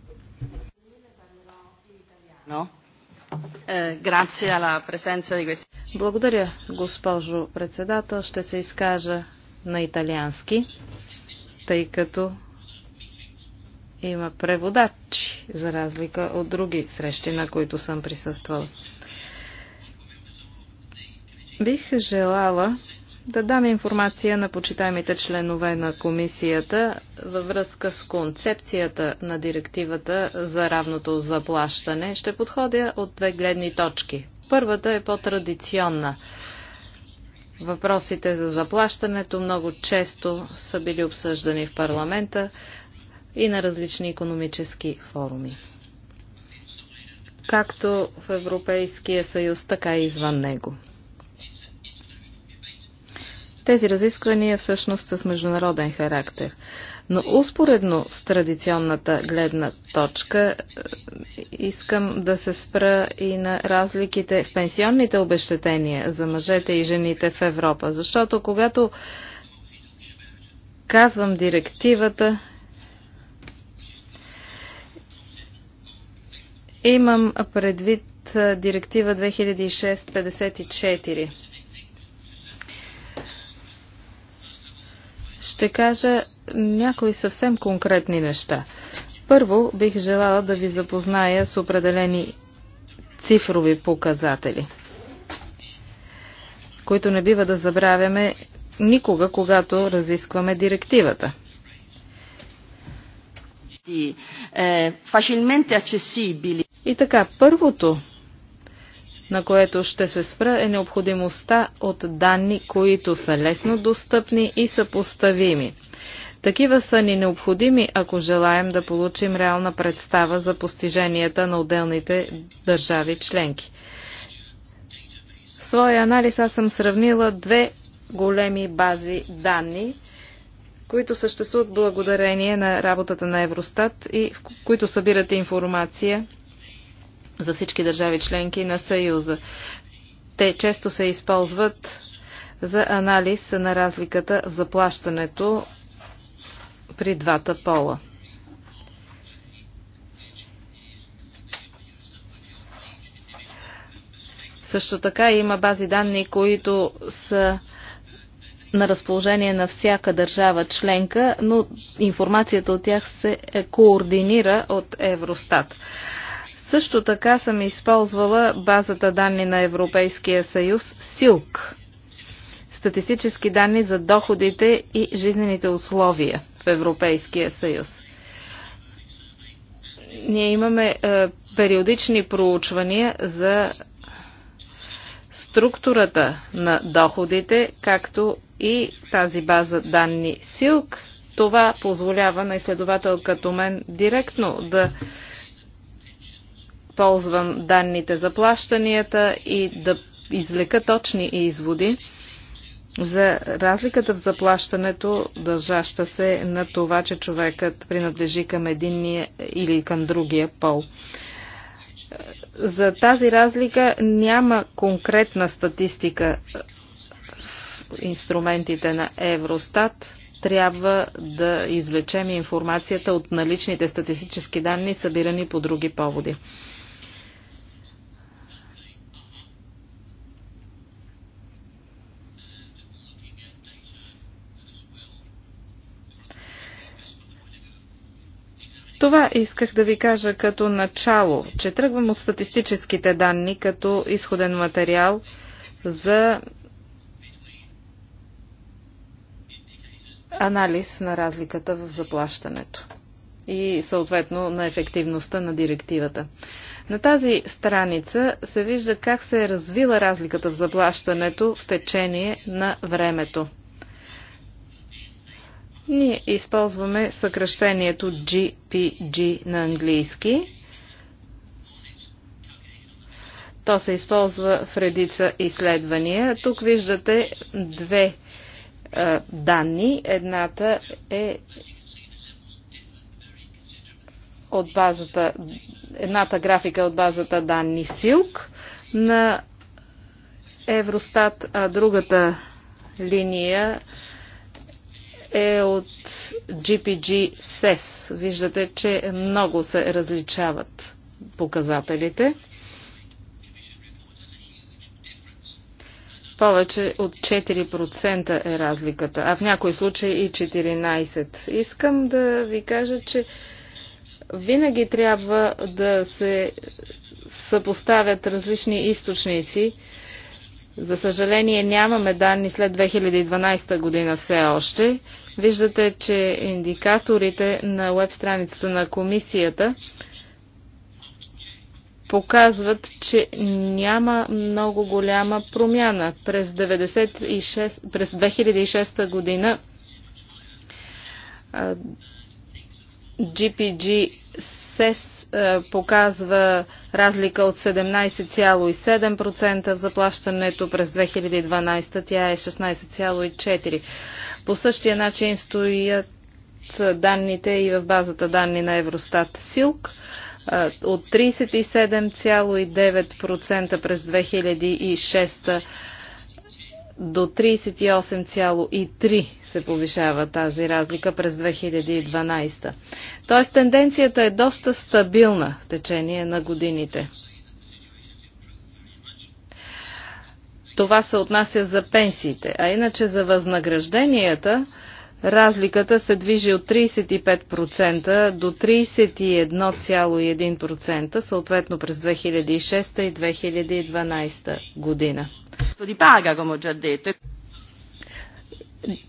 Е, Благодаря, госпожо председател. Ще се изкажа на италиански, тъй като има преводачи, за разлика от други срещи, на които съм присъствала. Бих желала да дам информация на почитаемите членове на комисията във връзка с концепцията на директивата за равното заплащане. Ще подходя от две гледни точки. Първата е по-традиционна. Въпросите за заплащането много често са били обсъждани в парламента и на различни економически форуми. Както в Европейския съюз, така и извън него. Тези разисквания всъщност с международен характер. Но успоредно с традиционната гледна точка е, искам да се спра и на разликите в пенсионните обещетения за мъжете и жените в Европа. Защото когато казвам директивата, Имам предвид директива 2654. Ще кажа някои съвсем конкретни неща. Първо бих желала да ви запозная с определени цифрови показатели, които не бива да забравяме никога, когато разискваме директивата. Facilmente е, accessibili е, и така, първото, на което ще се спра, е необходимостта от данни, които са лесно достъпни и съпоставими. Такива са ни необходими, ако желаем да получим реална представа за постиженията на отделните държави членки. В своя анализ аз съм сравнила две големи бази данни, които съществуват благодарение на работата на Евростат и в които събирате информация за всички държави членки на Съюза. Те често се използват за анализ на разликата в заплащането при двата пола. Също така има бази данни, които са на разположение на всяка държава членка, но информацията от тях се координира от Евростат. Също така съм използвала базата данни на Европейския съюз СИЛК статистически данни за доходите и жизнените условия в Европейския съюз. Ние имаме е, периодични проучвания за структурата на доходите, както и тази база данни СИЛК. Това позволява на изследовател като мен директно да е, използвам данните за плащанията и да извлека точни изводи за разликата в заплащането, дължаща се на това, че човекът принадлежи към единния или към другия пол. За тази разлика няма конкретна статистика в инструментите на Евростат. Трябва да извлечем информацията от наличните статистически данни, събирани по други поводи. Това исках да ви кажа като начало, че тръгвам от статистическите данни като изходен материал за анализ на разликата в заплащането и съответно на ефективността на директивата. На тази страница се вижда как се е развила разликата в заплащането в течение на времето. Ние използваме съкръщението GPG на английски. То се използва в редица изследвания. Тук виждате две е, данни. Едната е от базата, едната графика е от базата данни Силк на Евростат, а другата линия е от GPG SES. Виждате, че много се различават показателите. Повече от 4% е разликата, а в някои случаи и 14%. Искам да ви кажа, че винаги трябва да се съпоставят различни източници, за съжаление нямаме данни след 2012 година все още. Виждате, че индикаторите на веб страницата на комисията показват, че няма много голяма промяна. През, 96, през 2006 година GPG SES е, показва разлика от 17,7% в заплащането през 2012. Тя е 16,4%. По същия начин стоят данните и в базата данни на Евростат Силк е, от 37,9% през 2006 до 38,3 се повишава тази разлика през 2012. Тоест тенденцията е доста стабилна в течение на годините. Това се отнася за пенсиите, а иначе за възнагражденията разликата се движи от 35% до 31,1%, съответно през 2006 и 2012 година.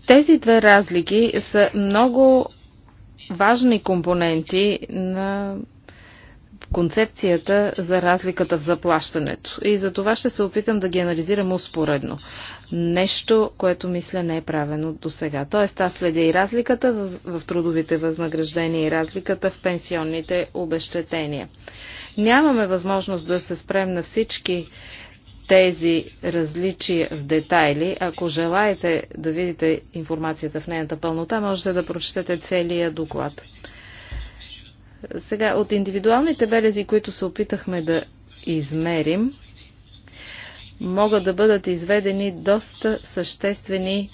Тези две разлики са много важни компоненти на концепцията за разликата в заплащането. И за това ще се опитам да ги анализирам успоредно. Нещо, което мисля не е правено до сега. Тоест аз следя и разликата в трудовите възнаграждения и разликата в пенсионните обещетения. Нямаме възможност да се спрем на всички тези различия в детайли. Ако желаете да видите информацията в нейната пълнота, можете да прочетете целия доклад. Сега, от индивидуалните белези, които се опитахме да измерим, могат да бъдат изведени доста съществени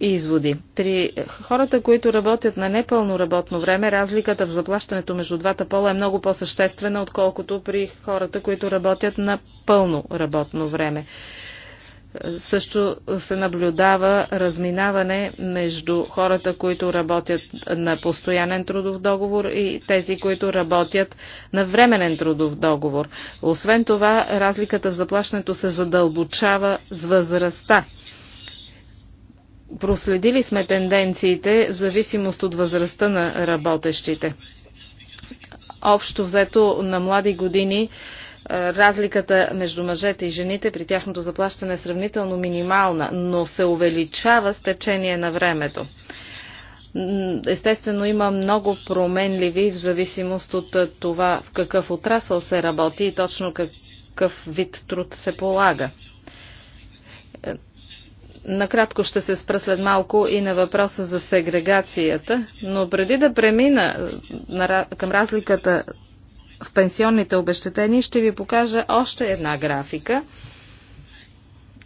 изводи. При хората, които работят на непълно работно време, разликата в заплащането между двата пола е много по-съществена, отколкото при хората, които работят на пълно работно време. Също се наблюдава разминаване между хората, които работят на постоянен трудов договор и тези, които работят на временен трудов договор. Освен това, разликата в заплащането се задълбочава с възрастта проследили сме тенденциите в зависимост от възрастта на работещите. Общо взето на млади години е, разликата между мъжете и жените при тяхното заплащане е сравнително минимална, но се увеличава с течение на времето. Естествено има много променливи в зависимост от е, това в какъв отрасъл се работи и точно какъв вид труд се полага. Накратко ще се спра след малко и на въпроса за сегрегацията, но преди да премина е, към разликата в пенсионните обещетения, ще ви покажа още една графика,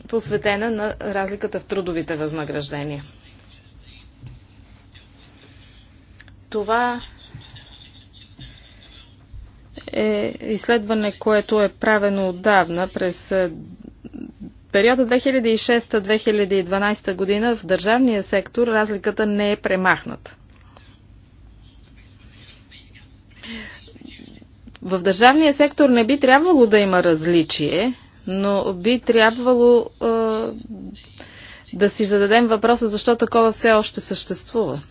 посветена на разликата в трудовите възнаграждения. Това е изследване, което е правено отдавна през периода 2006-2012 година в държавния сектор разликата не е премахната. В държавния сектор не би трябвало да има различие, но би трябвало е, да си зададем въпроса защо такова все още съществува.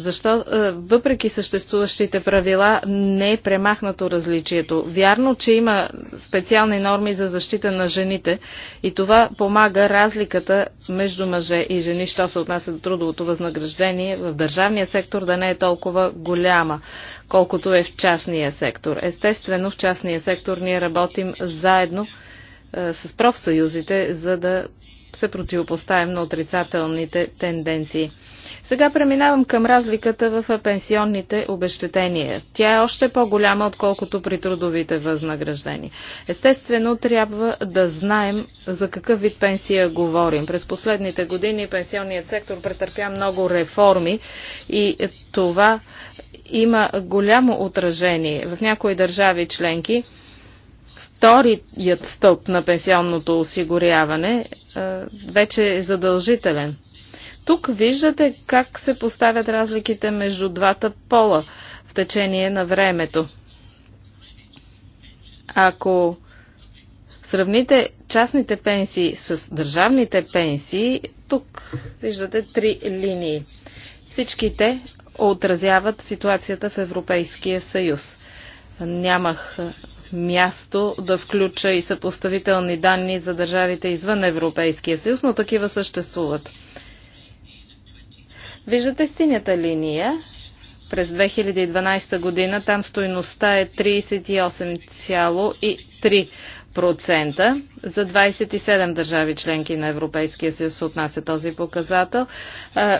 Защо е, въпреки съществуващите правила не е премахнато различието? Вярно, че има специални норми за защита на жените и това помага разликата между мъже и жени, що се отнася до трудовото възнаграждение в държавния сектор да не е толкова голяма, колкото е в частния сектор. Естествено, в частния сектор ние работим заедно е, с профсъюзите, за да се противопоставим на отрицателните тенденции. Сега преминавам към разликата в пенсионните обещетения. Тя е още по-голяма, отколкото при трудовите възнаграждения. Естествено, трябва да знаем за какъв вид пенсия говорим. През последните години пенсионният сектор претърпя много реформи и това има голямо отражение в някои държави членки – вторият стълб на пенсионното осигуряване е, вече е задължителен. Тук виждате как се поставят разликите между двата пола в течение на времето. Ако сравните частните пенсии с държавните пенсии, тук виждате три линии. Всички те отразяват ситуацията в Европейския съюз. Нямах място да включа и съпоставителни данни за държавите извън Европейския съюз, но такива съществуват. Виждате синята линия. През 2012 година там стоеността е 38,3 за 27 държави членки на Европейския съюз отнася този показател.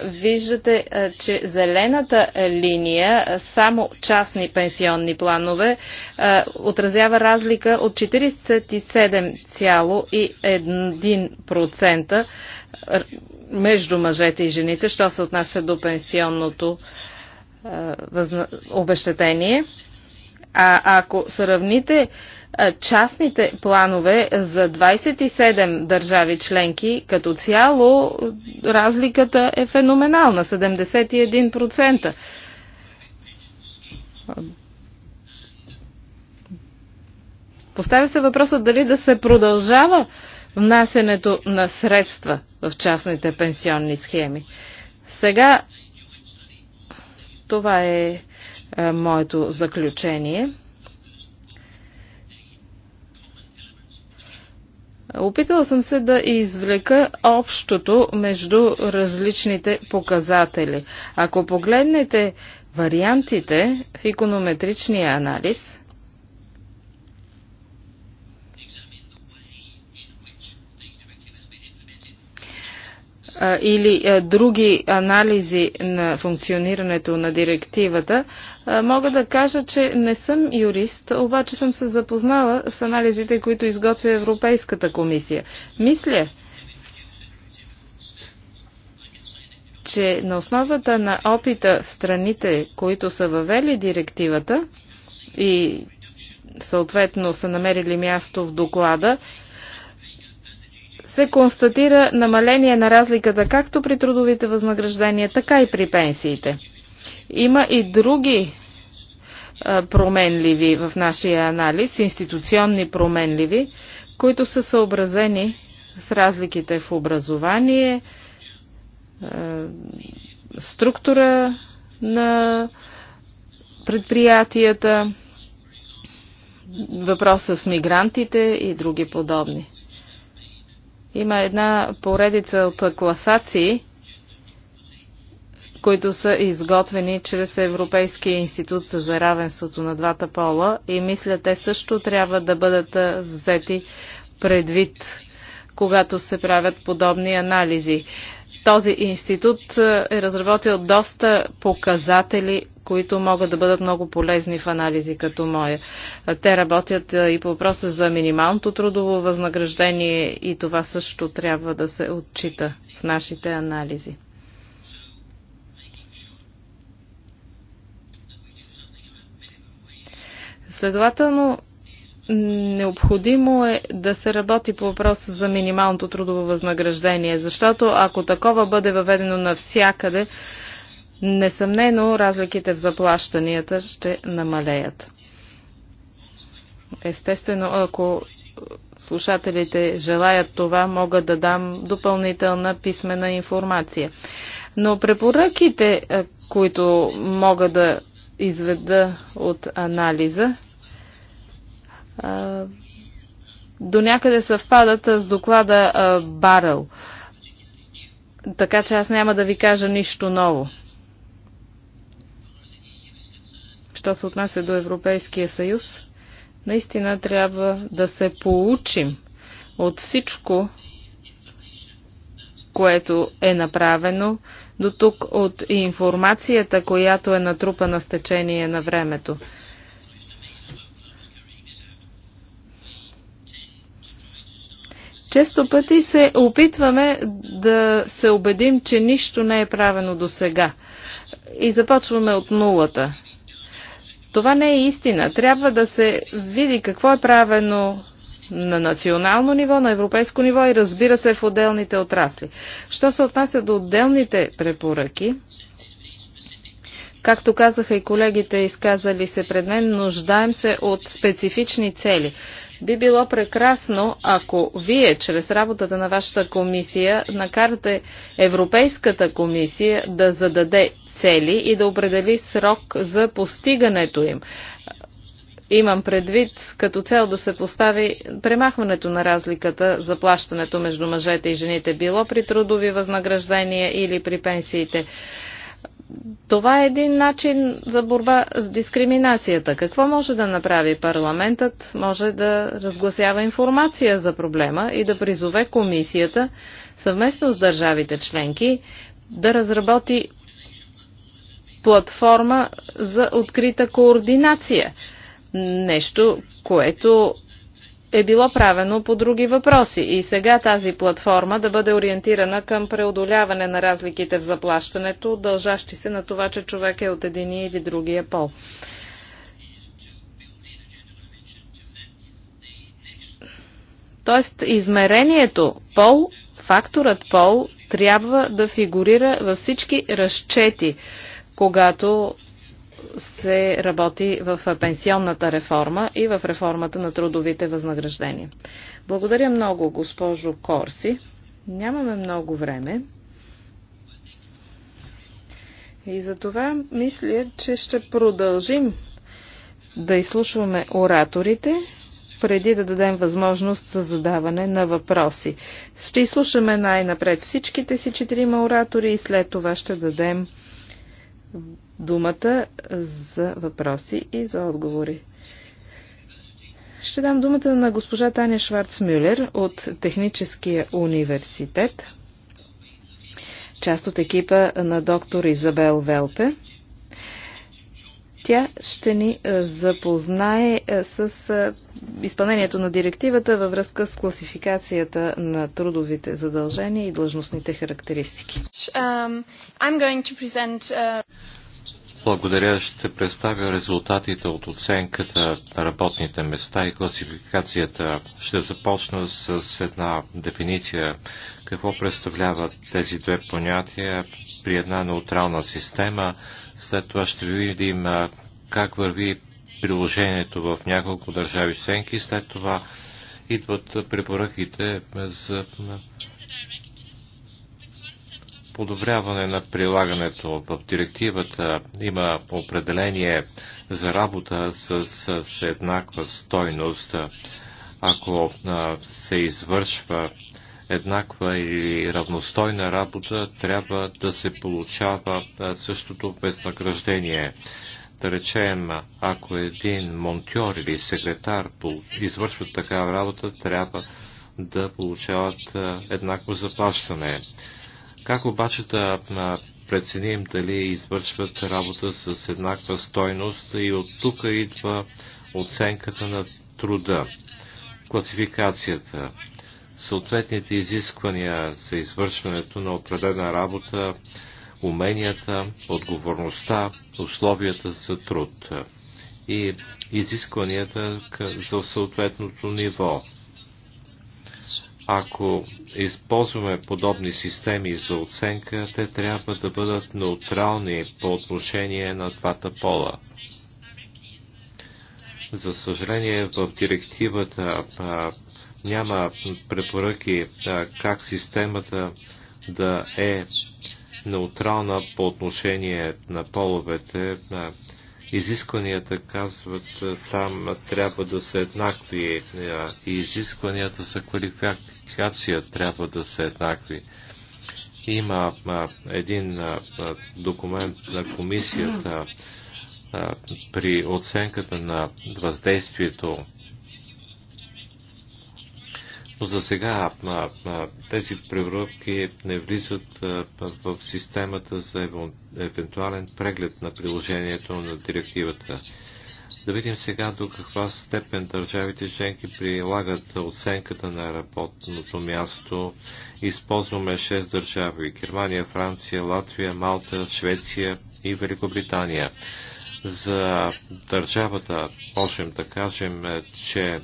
Виждате, че зелената линия, само частни пенсионни планове, отразява разлика от 47,1% между мъжете и жените, що се отнася до пенсионното обещетение. А ако сравните частните планове за 27 държави членки, като цяло разликата е феноменална 71%. Поставя се въпросът дали да се продължава внасенето на средства в частните пенсионни схеми. Сега това е, е моето заключение. Опитала съм се да извлека общото между различните показатели. Ако погледнете вариантите в иконометричния анализ, или други анализи на функционирането на директивата, мога да кажа, че не съм юрист, обаче съм се запознала с анализите, които изготвя Европейската комисия. Мисля, че на основата на опита в страните, които са въвели директивата и съответно са намерили място в доклада, се констатира намаление на разликата както при трудовите възнаграждения, така и при пенсиите. Има и други променливи в нашия анализ, институционни променливи, които са съобразени с разликите в образование, структура на предприятията, въпроса с мигрантите и други подобни. Има една поредица от класации, които са изготвени чрез Европейския институт за равенството на двата пола и мисля те също трябва да бъдат взети предвид, когато се правят подобни анализи. Този институт е разработил доста показатели които могат да бъдат много полезни в анализи като моя. Те работят и по въпроса за минималното трудово възнаграждение и това също трябва да се отчита в нашите анализи. Следователно, необходимо е да се работи по въпроса за минималното трудово възнаграждение, защото ако такова бъде въведено навсякъде, несъмнено разликите в заплащанията ще намалеят. Естествено, ако слушателите желаят това, мога да дам допълнителна писмена информация. Но препоръките, е, които мога да изведа от анализа, е, до някъде съвпадат с доклада е, Барел. Така че аз няма да ви кажа нищо ново. що се отнася до Европейския съюз, наистина трябва да се получим от всичко, което е направено до тук от информацията, която е натрупана с течение на времето. Често пъти се опитваме да се убедим, че нищо не е правено до сега. И започваме от нулата. Това не е истина. Трябва да се види какво е правено на национално ниво, на европейско ниво и разбира се в отделните отрасли. Що се отнася до отделните препоръки, както казаха и колегите, изказали се пред мен, нуждаем се от специфични цели. Би било прекрасно, ако вие, чрез работата на вашата комисия, накарате Европейската комисия да зададе цели и да определи срок за постигането им. Имам предвид като цел да се постави премахването на разликата за плащането между мъжете и жените, било при трудови възнаграждения или при пенсиите. Това е един начин за борба с дискриминацията. Какво може да направи парламентът? Може да разгласява информация за проблема и да призове комисията съвместно с държавите членки да разработи платформа за открита координация. Нещо, което е било правено по други въпроси и сега тази платформа да бъде ориентирана към преодоляване на разликите в заплащането, дължащи се на това, че човек е от единия или другия пол. Тоест, измерението пол, факторът пол, трябва да фигурира във всички разчети когато се работи в пенсионната реформа и в реформата на трудовите възнаграждения. Благодаря много, госпожо Корси. Нямаме много време. И за това мисля, че ще продължим да изслушваме ораторите, преди да дадем възможност за задаване на въпроси. Ще изслушаме най-напред всичките си четирима оратори и след това ще дадем думата за въпроси и за отговори. Ще дам думата на госпожа Таня Шварцмюлер от Техническия университет, част от екипа на доктор Изабел Велпе. Тя ще ни е, запознае е, с е, изпълнението на директивата във връзка с класификацията на трудовите задължения и длъжностните характеристики. Um, uh, Благодаря. Ще представя резултатите от оценката на работните места и класификацията. Ще започна с една дефиниция. Какво представляват тези две понятия при една неутрална система – след това ще видим как върви приложението в няколко държави членки. След това идват препоръките за подобряване на прилагането в директивата има определение за работа с, с еднаква стойност. Ако а, се извършва еднаква или равностойна работа, трябва да се получава същото възнаграждение. Да речем, ако един монтьор или секретар извършва такава работа, трябва да получават еднакво заплащане. Как обаче да преценим дали извършват работа с еднаква стойност и от тук идва оценката на труда, класификацията съответните изисквания за извършването на определена работа, уменията, отговорността, условията за труд и изискванията за съответното ниво. Ако използваме подобни системи за оценка, те трябва да бъдат неутрални по отношение на двата пола. За съжаление, в директивата няма препоръки как системата да е неутрална по отношение на половете. Изискванията, казват, там трябва да са еднакви и изискванията за квалификация трябва да са еднакви. Има един документ на комисията при оценката на въздействието но за сега тези превръвки не влизат в системата за евентуален преглед на приложението на директивата. Да видим сега до каква степен държавите членки прилагат оценката на работното място. Използваме 6 държави – Германия, Франция, Латвия, Малта, Швеция и Великобритания. За държавата можем да кажем, че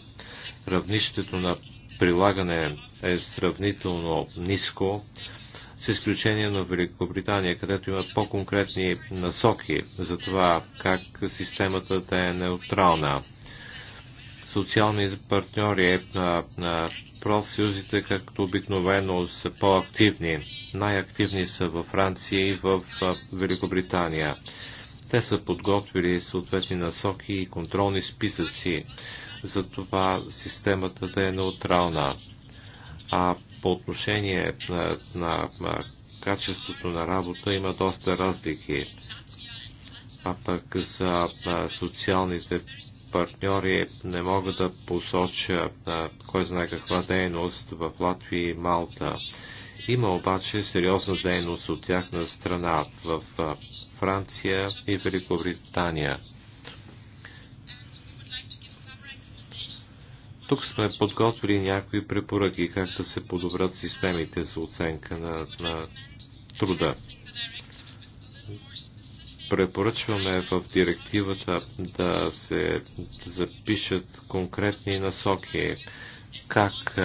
равнището на прилагане е сравнително ниско, с изключение на Великобритания, където имат по-конкретни насоки за това как системата да е неутрална. Социалните партньори на, е, на профсъюзите, както обикновено, са по-активни. Най-активни са във Франция и в Великобритания. Те са подготвили съответни насоки и контролни списъци за това системата да е неутрална. А по отношение на, на, на качеството на работа има доста разлики. А пък за а, социалните партньори не мога да посоча а, кой знае каква дейност в Латвия и Малта. Има обаче сериозна дейност от тяхна страна в Франция и Великобритания. Тук сме подготвили някои препоръки как да се подобрят системите за оценка на, на труда. Препоръчваме в директивата да се запишат конкретни насоки как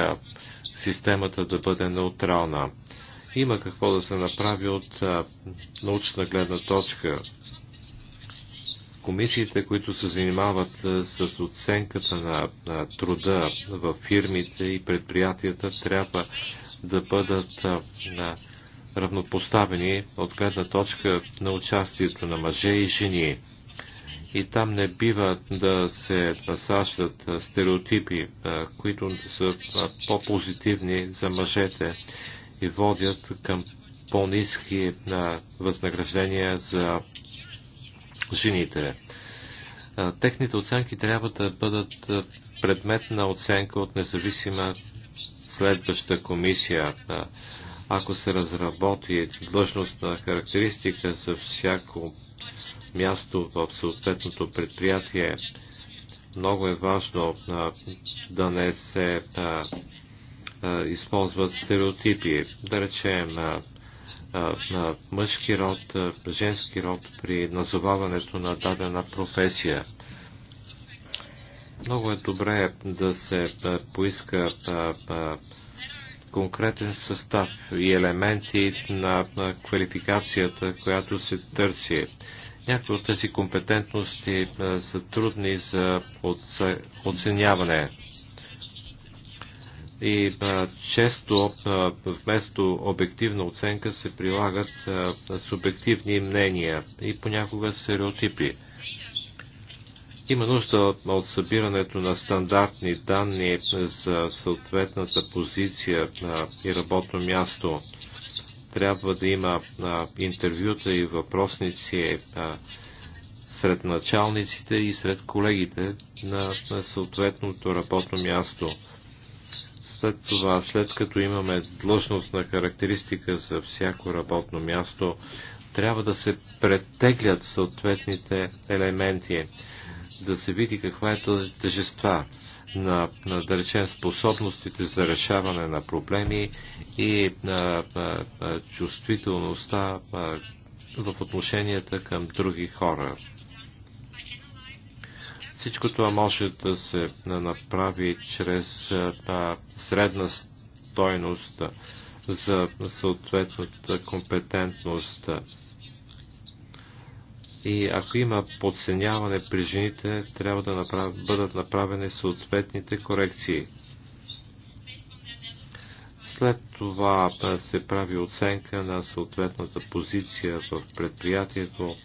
системата да бъде неутрална. Има какво да се направи от научна гледна точка комисиите, които се занимават с оценката на, на труда в фирмите и предприятията, трябва да бъдат на равнопоставени от гледна точка на участието на мъже и жени. И там не бива да се насаждат стереотипи, които са по-позитивни за мъжете и водят към по-низки възнаграждения за жените. Техните оценки трябва да бъдат предмет на оценка от независима следваща комисия. Ако се разработи длъжностна характеристика за всяко място в съответното предприятие, много е важно да не се използват стереотипи. Да речем, на мъжки род, женски род при назоваването на дадена професия. Много е добре да се поиска конкретен състав и елементи на квалификацията, която се търси. Някои от тези компетентности са трудни за оценяване и често вместо обективна оценка се прилагат субективни мнения и понякога стереотипи. Има нужда от събирането на стандартни данни за съответната позиция и работно място. Трябва да има интервюта и въпросници сред началниците и сред колегите на съответното работно място. След това, след като имаме длъжностна характеристика за всяко работно място, трябва да се претеглят съответните елементи, да се види каква е тежества на, на да речем, способностите за решаване на проблеми и на, на, на чувствителността в отношенията към други хора. Всичко това може да се направи чрез средна стойност за съответната компетентност. И ако има подсеняване при жените, трябва да направ... бъдат направени съответните корекции. След това се прави оценка на съответната позиция в предприятието,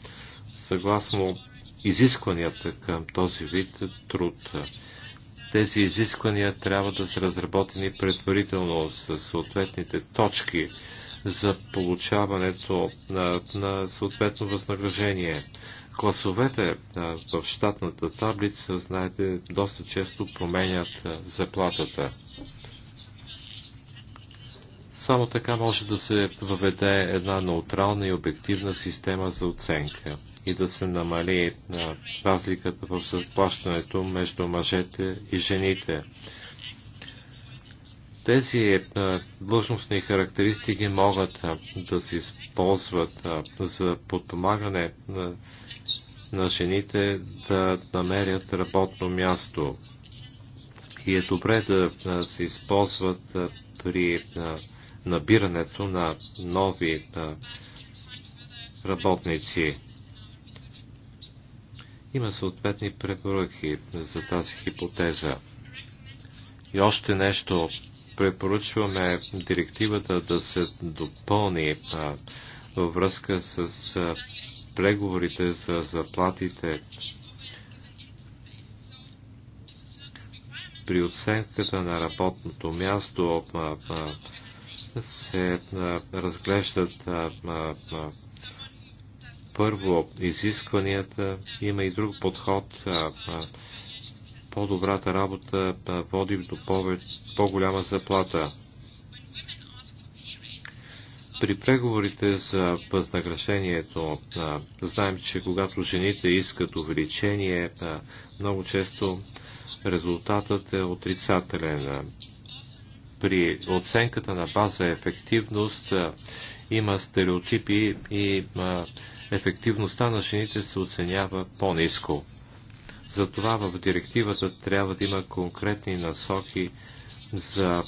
съгласно изискванията към този вид труд. Тези изисквания трябва да са разработени предварително с съответните точки за получаването на, на съответно възнаграждение. Класовете в щатната таблица, знаете, доста често променят заплатата. Само така може да се въведе една неутрална и обективна система за оценка и да се намали на разликата в заплащането между мъжете и жените. Тези длъжностни характеристики могат да се използват за подпомагане на жените да намерят работно място. И е добре да се използват при набирането на нови работници. Има съответни препоръки за тази хипотеза. И още нещо. Препоръчваме директивата да се допълни а, във връзка с а, преговорите за заплатите при оценката на работното място а, а, се разглеждат първо, изискванията, има и друг подход. По-добрата работа води до по-голяма заплата. При преговорите за възнаграждението знаем, че когато жените искат увеличение, много често резултатът е отрицателен. При оценката на база ефективност има стереотипи и а, ефективността на жените се оценява по-низко. Затова в директивата трябва да има конкретни насоки за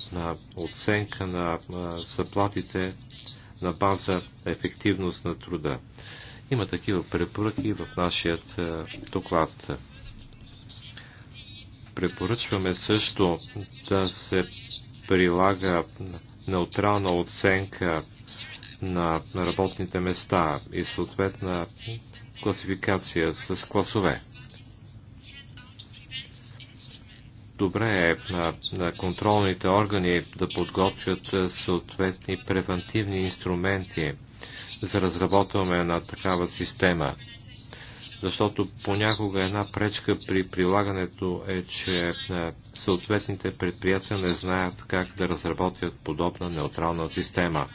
оценка на заплатите на база ефективност на труда. Има такива препоръки в нашия доклад. Препоръчваме също да се прилага неутрална оценка на работните места и съответна класификация с класове. Добре е на, на контролните органи да подготвят е, съответни превентивни инструменти за разработване на такава система – защото понякога една пречка при прилагането е, че е, съответните предприятия не знаят как да разработят подобна неутрална система.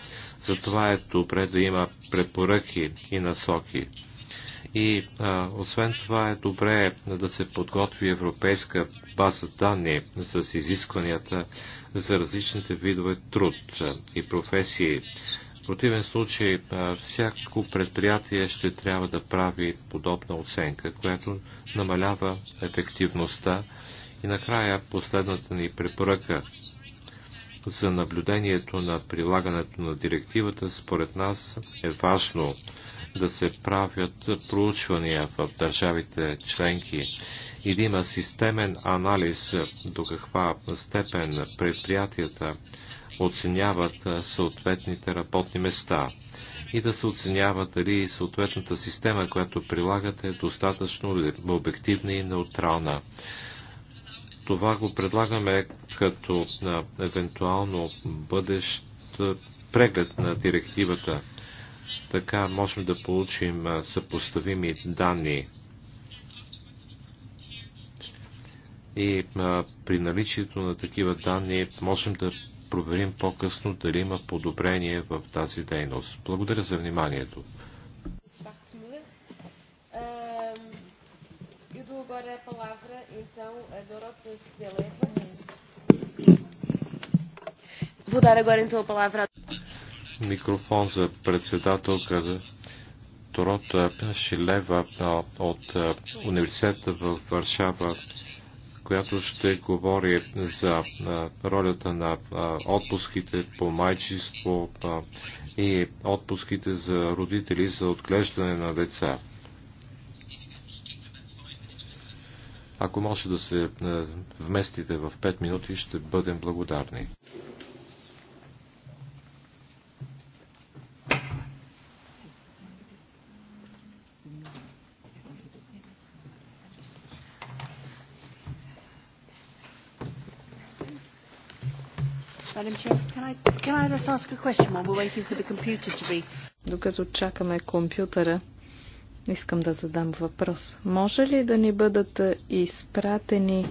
Затова е добре да има препоръки и насоки. И а, освен това е добре да се подготви европейска база данни с изискванията за различните видове труд и професии в противен случай всяко предприятие ще трябва да прави подобна оценка, която намалява ефективността. И накрая последната ни препоръка за наблюдението на прилагането на директивата, според нас е важно да се правят проучвания в държавите членки и да има системен анализ до каква степен предприятията оценяват съответните работни места и да се оценява дали съответната система, която прилагат, е достатъчно обективна и неутрална. Това го предлагаме като на евентуално бъдещ преглед на директивата. Така можем да получим съпоставими данни. И при наличието на такива данни можем да проверим по-късно дали има подобрение в тази дейност. Благодаря за вниманието. Микрофон за председателка Дорота Шилева от университета в Варшава която ще говори за ролята на отпуските по майчество и отпуските за родители за отглеждане на деца. Ако може да се вместите в 5 минути, ще бъдем благодарни. Докато чакаме компютъра, искам да задам въпрос. Може ли да ни бъдат е, изпратени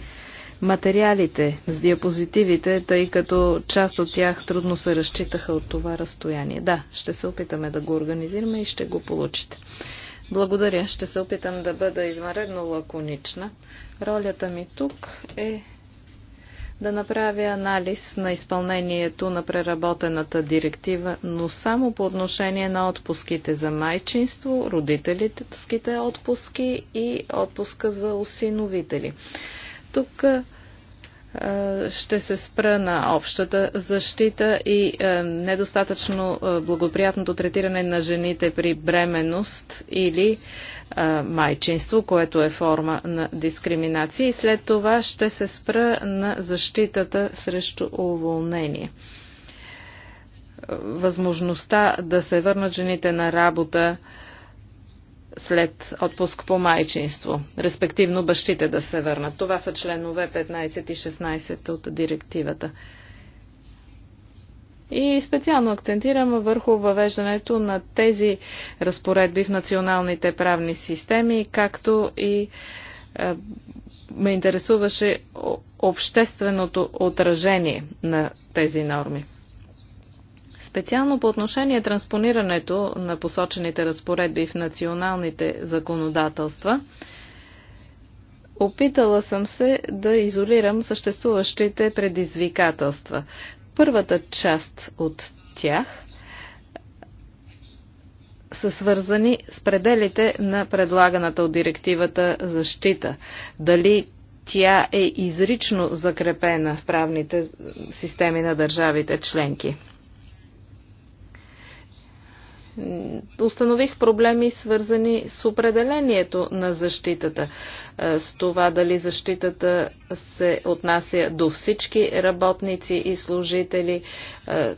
материалите с диапозитивите, тъй като част от тях трудно се разчитаха от това разстояние? Да, ще се опитаме да го организираме и ще го получите. Благодаря. Ще се опитам да бъда извънредно лаконична. Ролята ми тук е да направя анализ на изпълнението на преработената директива, но само по отношение на отпуските за майчинство, родителските отпуски и отпуска за осиновители. Тук е, ще се спра на общата защита и е, недостатъчно е, благоприятното третиране на жените при бременност или майчинство, което е форма на дискриминация. И след това ще се спра на защитата срещу уволнение. Възможността да се върнат жените на работа след отпуск по майчинство, респективно бащите да се върнат. Това са членове 15 и 16 от директивата. И специално акцентирам върху въвеждането на тези разпоредби в националните правни системи, както и е, ме интересуваше общественото отражение на тези норми. Специално по отношение транспонирането на посочените разпоредби в националните законодателства, опитала съм се да изолирам съществуващите предизвикателства. Първата част от тях са свързани с пределите на предлаганата от директивата защита. Дали тя е изрично закрепена в правните системи на държавите членки установих проблеми, свързани с определението на защитата. Е, с това дали защитата се отнася до всички работници и служители. Е,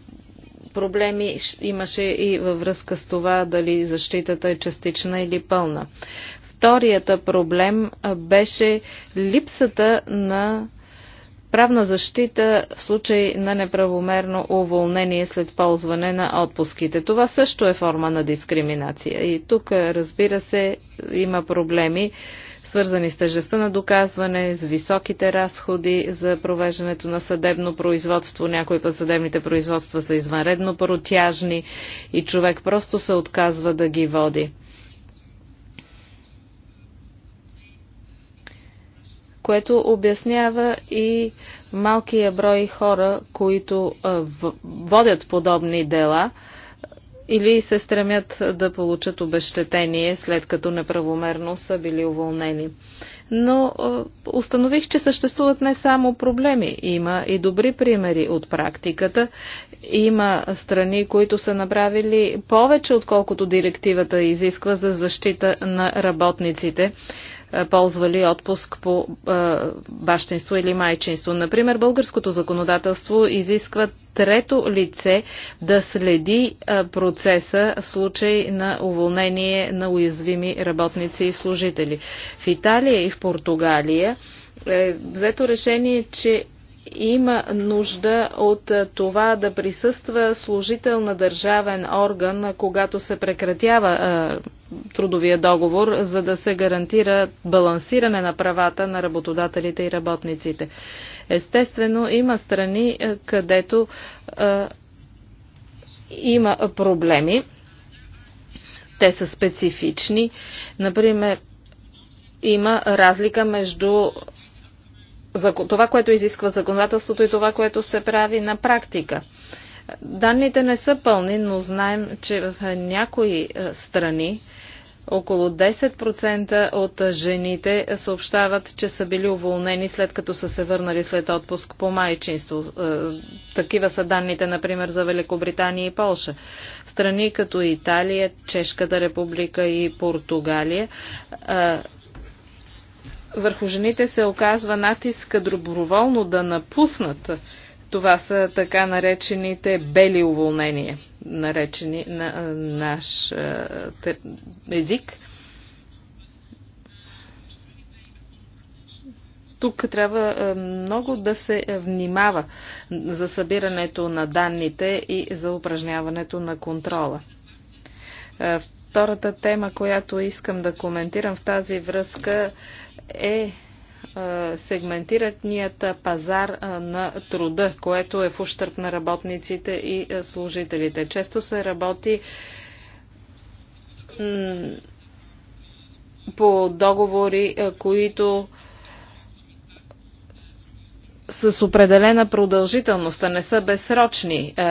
проблеми имаше и във връзка с това дали защитата е частична или пълна. Вторията проблем е, беше липсата на правна защита в случай на неправомерно уволнение след ползване на отпуските. Това също е форма на дискриминация. И тук, разбира се, има проблеми, свързани с тежестта на доказване, с високите разходи за провеждането на съдебно производство. Някои път съдебните производства са извънредно протяжни и човек просто се отказва да ги води. което обяснява и малкия брой хора, които водят подобни дела или се стремят да получат обещетение, след като неправомерно са били уволнени. Но установих, че съществуват не само проблеми. Има и добри примери от практиката. Има страни, които са направили повече, отколкото директивата изисква за защита на работниците е, ползвали отпуск по е, бащинство или майчинство. Например, българското законодателство изисква трето лице да следи е, процеса в случай на уволнение на уязвими работници и служители. В Италия и в Португалия е взето решение, че има нужда от е, това да присъства служител на държавен орган, когато се прекратява е, трудовия договор, за да се гарантира балансиране на правата на работодателите и работниците. Естествено, има страни, е, където има проблеми. Те са специфични. Например, има разлика между това, което изисква законодателството и това, което се прави на практика. Данните не са пълни, но знаем, че в някои е, страни около 10% от жените съобщават, че са били уволнени след като са се върнали след отпуск по майчинство. Е, такива са данните, например, за Великобритания и Полша. Страни като Италия, Чешката република и Португалия е, върху жените се оказва натиск доброволно да напуснат. Това са така наречените бели уволнения, наречени на наш език. тук трябва много да се внимава за събирането на данните и за упражняването на контрола. Втората тема, която искам да коментирам в тази връзка е, е сегментираният пазар е, на труда, което е в ущърп на работниците и е, служителите. Често се работи по договори, които с определена продължителност, а не са безсрочни. Е,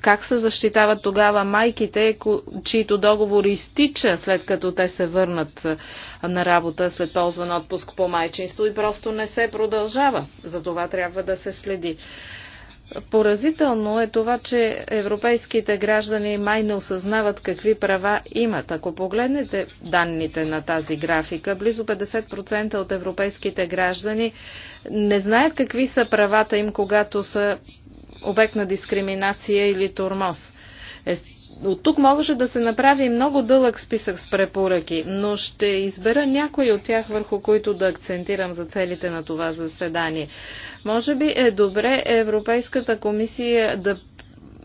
как се защитават тогава майките, чието договор изтича след като те се върнат е, на работа след ползван отпуск по майчинство и просто не се продължава? За това трябва да се следи. Поразително е това, че европейските граждани май не осъзнават какви права имат. Ако погледнете данните на тази графика, близо 50% от европейските граждани не знаят какви са правата им, когато са обект на дискриминация или турмоз. Е, от тук можеше да се направи много дълъг списък с препоръки, но ще избера някои от тях, върху които да акцентирам за целите на това заседание. Може би е добре Европейската комисия да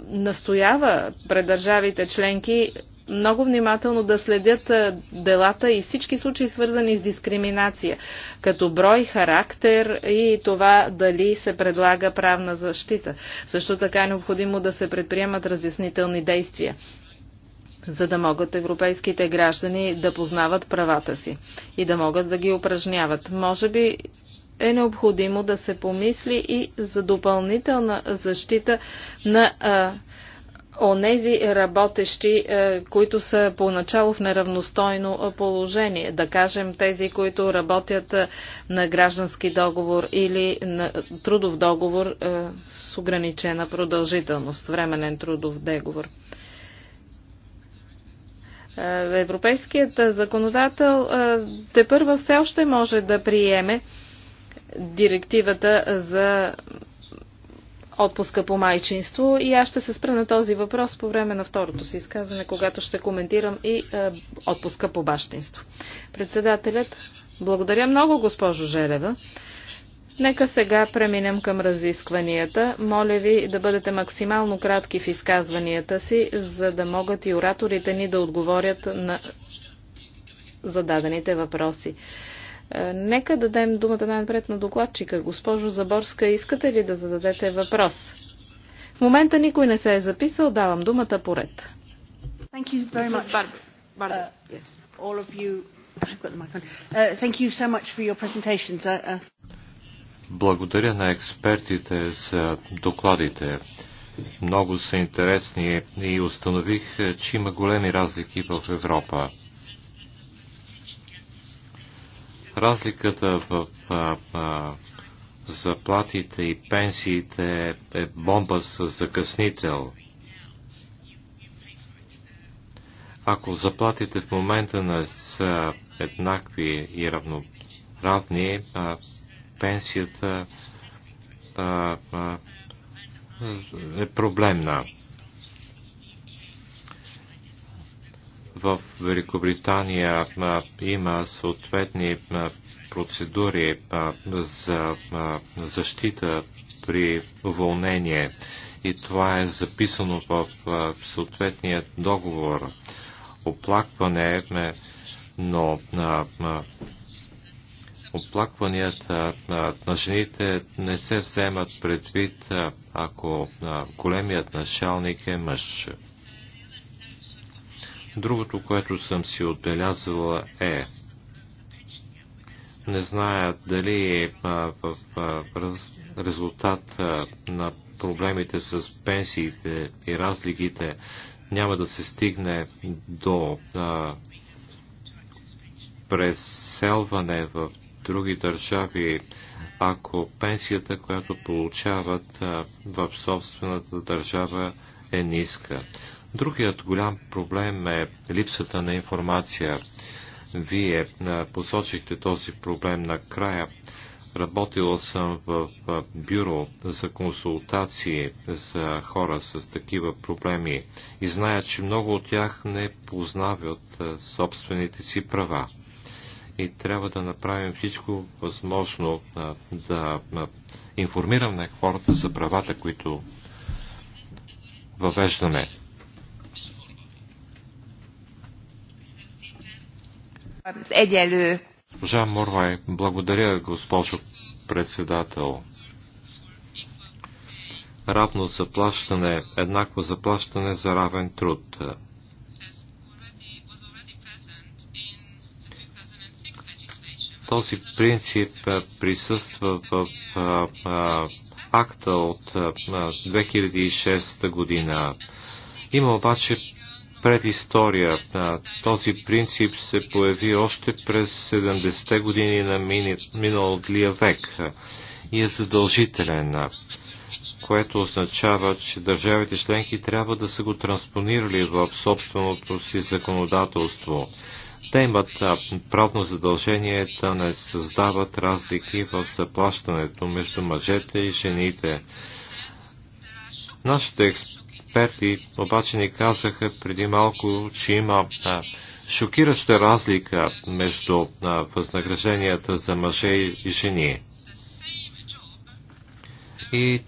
настоява пред държавите членки много внимателно да следят делата и всички случаи свързани с дискриминация, като брой, характер и това дали се предлага правна защита. Също така е необходимо да се предприемат разяснителни действия за да могат европейските граждани да познават правата си и да могат да ги упражняват. Може би е необходимо да се помисли и за допълнителна защита на а, онези работещи, е, които са поначало в неравностойно е, положение. Да кажем тези, които работят е, на граждански договор или на трудов договор с ограничена продължителност, временен трудов договор. Европейският законодател те първа все още може да приеме директивата за отпуска по майчинство и аз ще се спра на този въпрос по време на второто си изказване, когато ще коментирам и е, отпуска по бащинство. Председателят, благодаря много, госпожо Желева. Нека сега преминем към разискванията. Моля ви да бъдете максимално кратки в изказванията си, за да могат и ораторите ни да отговорят на зададените въпроси. Е, нека дадем думата най-напред на докладчика. Госпожо Заборска, искате ли да зададете въпрос? В момента никой не се е записал. Давам думата поред. Uh, uh, uh, Благодаря на експертите за докладите. Много са интересни и установих, че има големи разлики в Европа. Разликата в а, а, заплатите и пенсиите е бомба с закъснител. Ако заплатите в момента не са еднакви и равно, равни, а, пенсията а, а, е проблемна. В Великобритания има съответни процедури за защита при уволнение и това е записано в съответния договор. Оплакване е, но оплакванията на жените не се вземат предвид, ако големият началник е мъж. Другото, което съм си отбелязала е не зная дали в резултат на проблемите с пенсиите и разликите няма да се стигне до а, преселване в други държави, ако пенсията, която получават а, в собствената държава е ниска. Другият голям проблем е липсата на информация. Вие посочихте този проблем накрая. Работила съм в бюро за консултации за хора с такива проблеми и зная, че много от тях не познават собствените си права. И трябва да направим всичко възможно да информираме хората за правата, които въвеждаме. Жан Морвай, благодаря, госпожо председател. Равно заплащане, еднакво заплащане за равен труд. Този принцип присъства в акта от 2006 година. Има обаче предистория. Този принцип се появи още през 70-те години на миналия век и е задължителен, което означава, че държавите членки трябва да са го транспонирали в собственото си законодателство. Те имат правно задължение да не създават разлики в заплащането между мъжете и жените. Нашите експерти експерти обаче ни казаха преди малко, че има шокираща разлика между възнагражденията за мъже и жени. И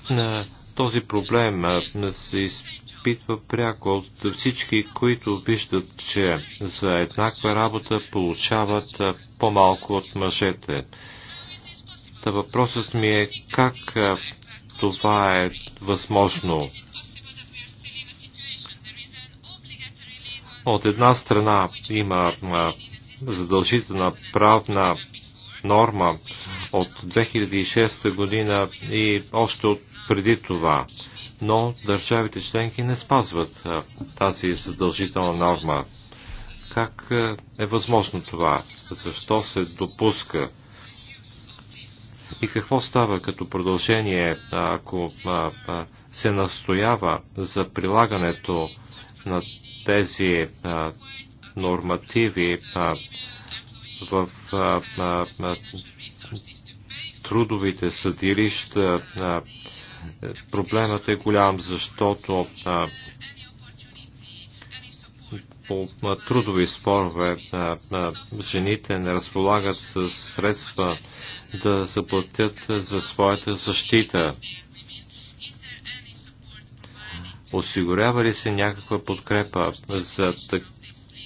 този проблем се изпитва пряко от всички, които виждат, че за еднаква работа получават по-малко от мъжете. Та въпросът ми е как това е възможно От една страна има задължителна правна норма от 2006 година и още от преди това, но държавите членки не спазват тази задължителна норма. Как е възможно това? Защо се допуска? И какво става като продължение, ако се настоява за прилагането на тези а, нормативи а, в а, а, а, трудовите съдилища. А, проблемът е голям, защото а, по трудови спорове а, а, жените не разполагат с средства да заплатят за своята защита. Осигурява ли се някаква подкрепа за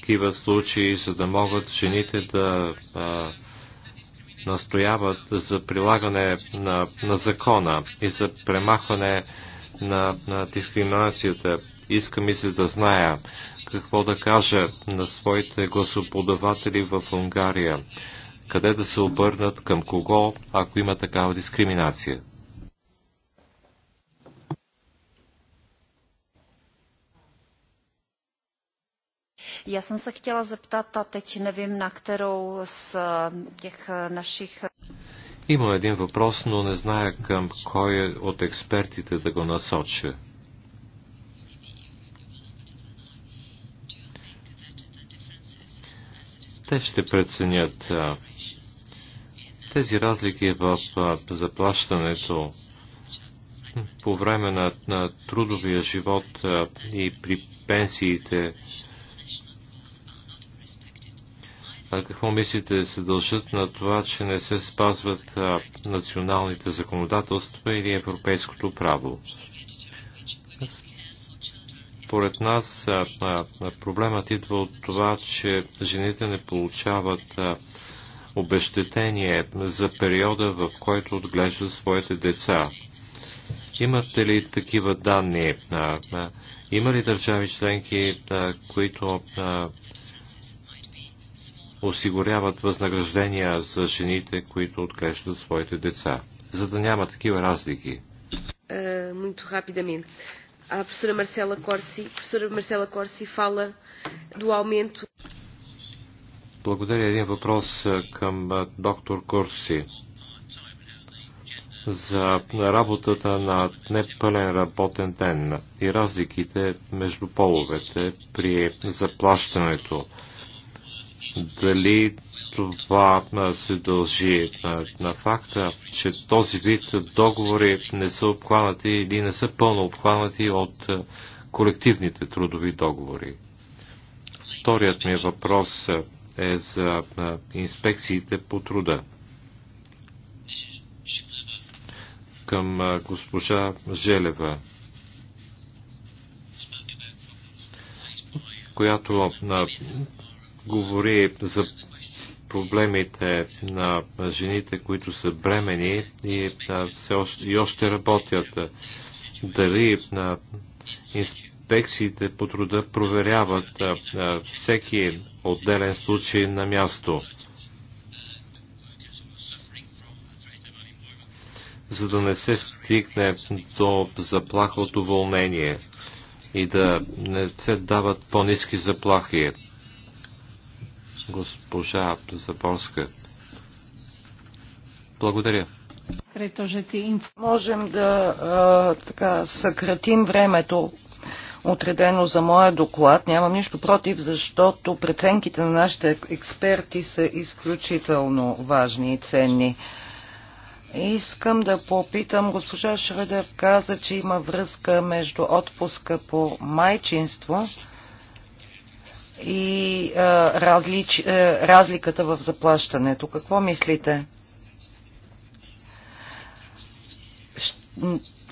такива случаи, за да могат жените да а, настояват за прилагане на, на закона и за премахване на, на дискриминацията? Искам и се да зная какво да кажа на своите гласоподаватели в Унгария. Къде да се обърнат, към кого, ако има такава дискриминация? Já jsem se chtěla zeptat, a teď nevím, na kterou z eh, těch eh, našich. Има един въпрос, но не зная към кой е от експертите да го насоча. Те ще преценят тези разлики в заплащането по време на, на трудовия живот и при пенсиите А какво мислите се дължат на това, че не се спазват а, националните законодателства или европейското право? Поред нас а, а, проблемът идва от това, че жените не получават а, обещетение за периода, в който отглеждат своите деца. Имате ли такива данни? А, а, има ли държави членки, а, които а, осигуряват възнаграждения за жените, които отглеждат своите деца, за да няма такива разлики. Uh, muito rapidamente. A professora Marcela Corsi, professora Marcela Corsi fala do Благодаря. Един въпрос е, към е, доктор Корси за работата на непълен работен ден и разликите между половете при заплащането дали това се дължи на, на факта, че този вид договори не са обхванати или не са пълно обхванати от е, колективните трудови договори. Вторият ми въпрос е за е, инспекциите по труда. Към е, госпожа Желева, която говори за проблемите на жените, които са бремени и, все още, и още работят. Дали на инспекциите по труда проверяват всеки отделен случай на място. за да не се стигне до заплаха от уволнение и да не се дават по-низки заплахи госпожа Запорска. Благодаря. Можем да а, така, съкратим времето, отредено за моя доклад. Нямам нищо против, защото преценките на нашите експерти са изключително важни и ценни. Искам да попитам, госпожа Шредер каза, че има връзка между отпуска по майчинство и а, различ, а, разликата в заплащането. Какво мислите?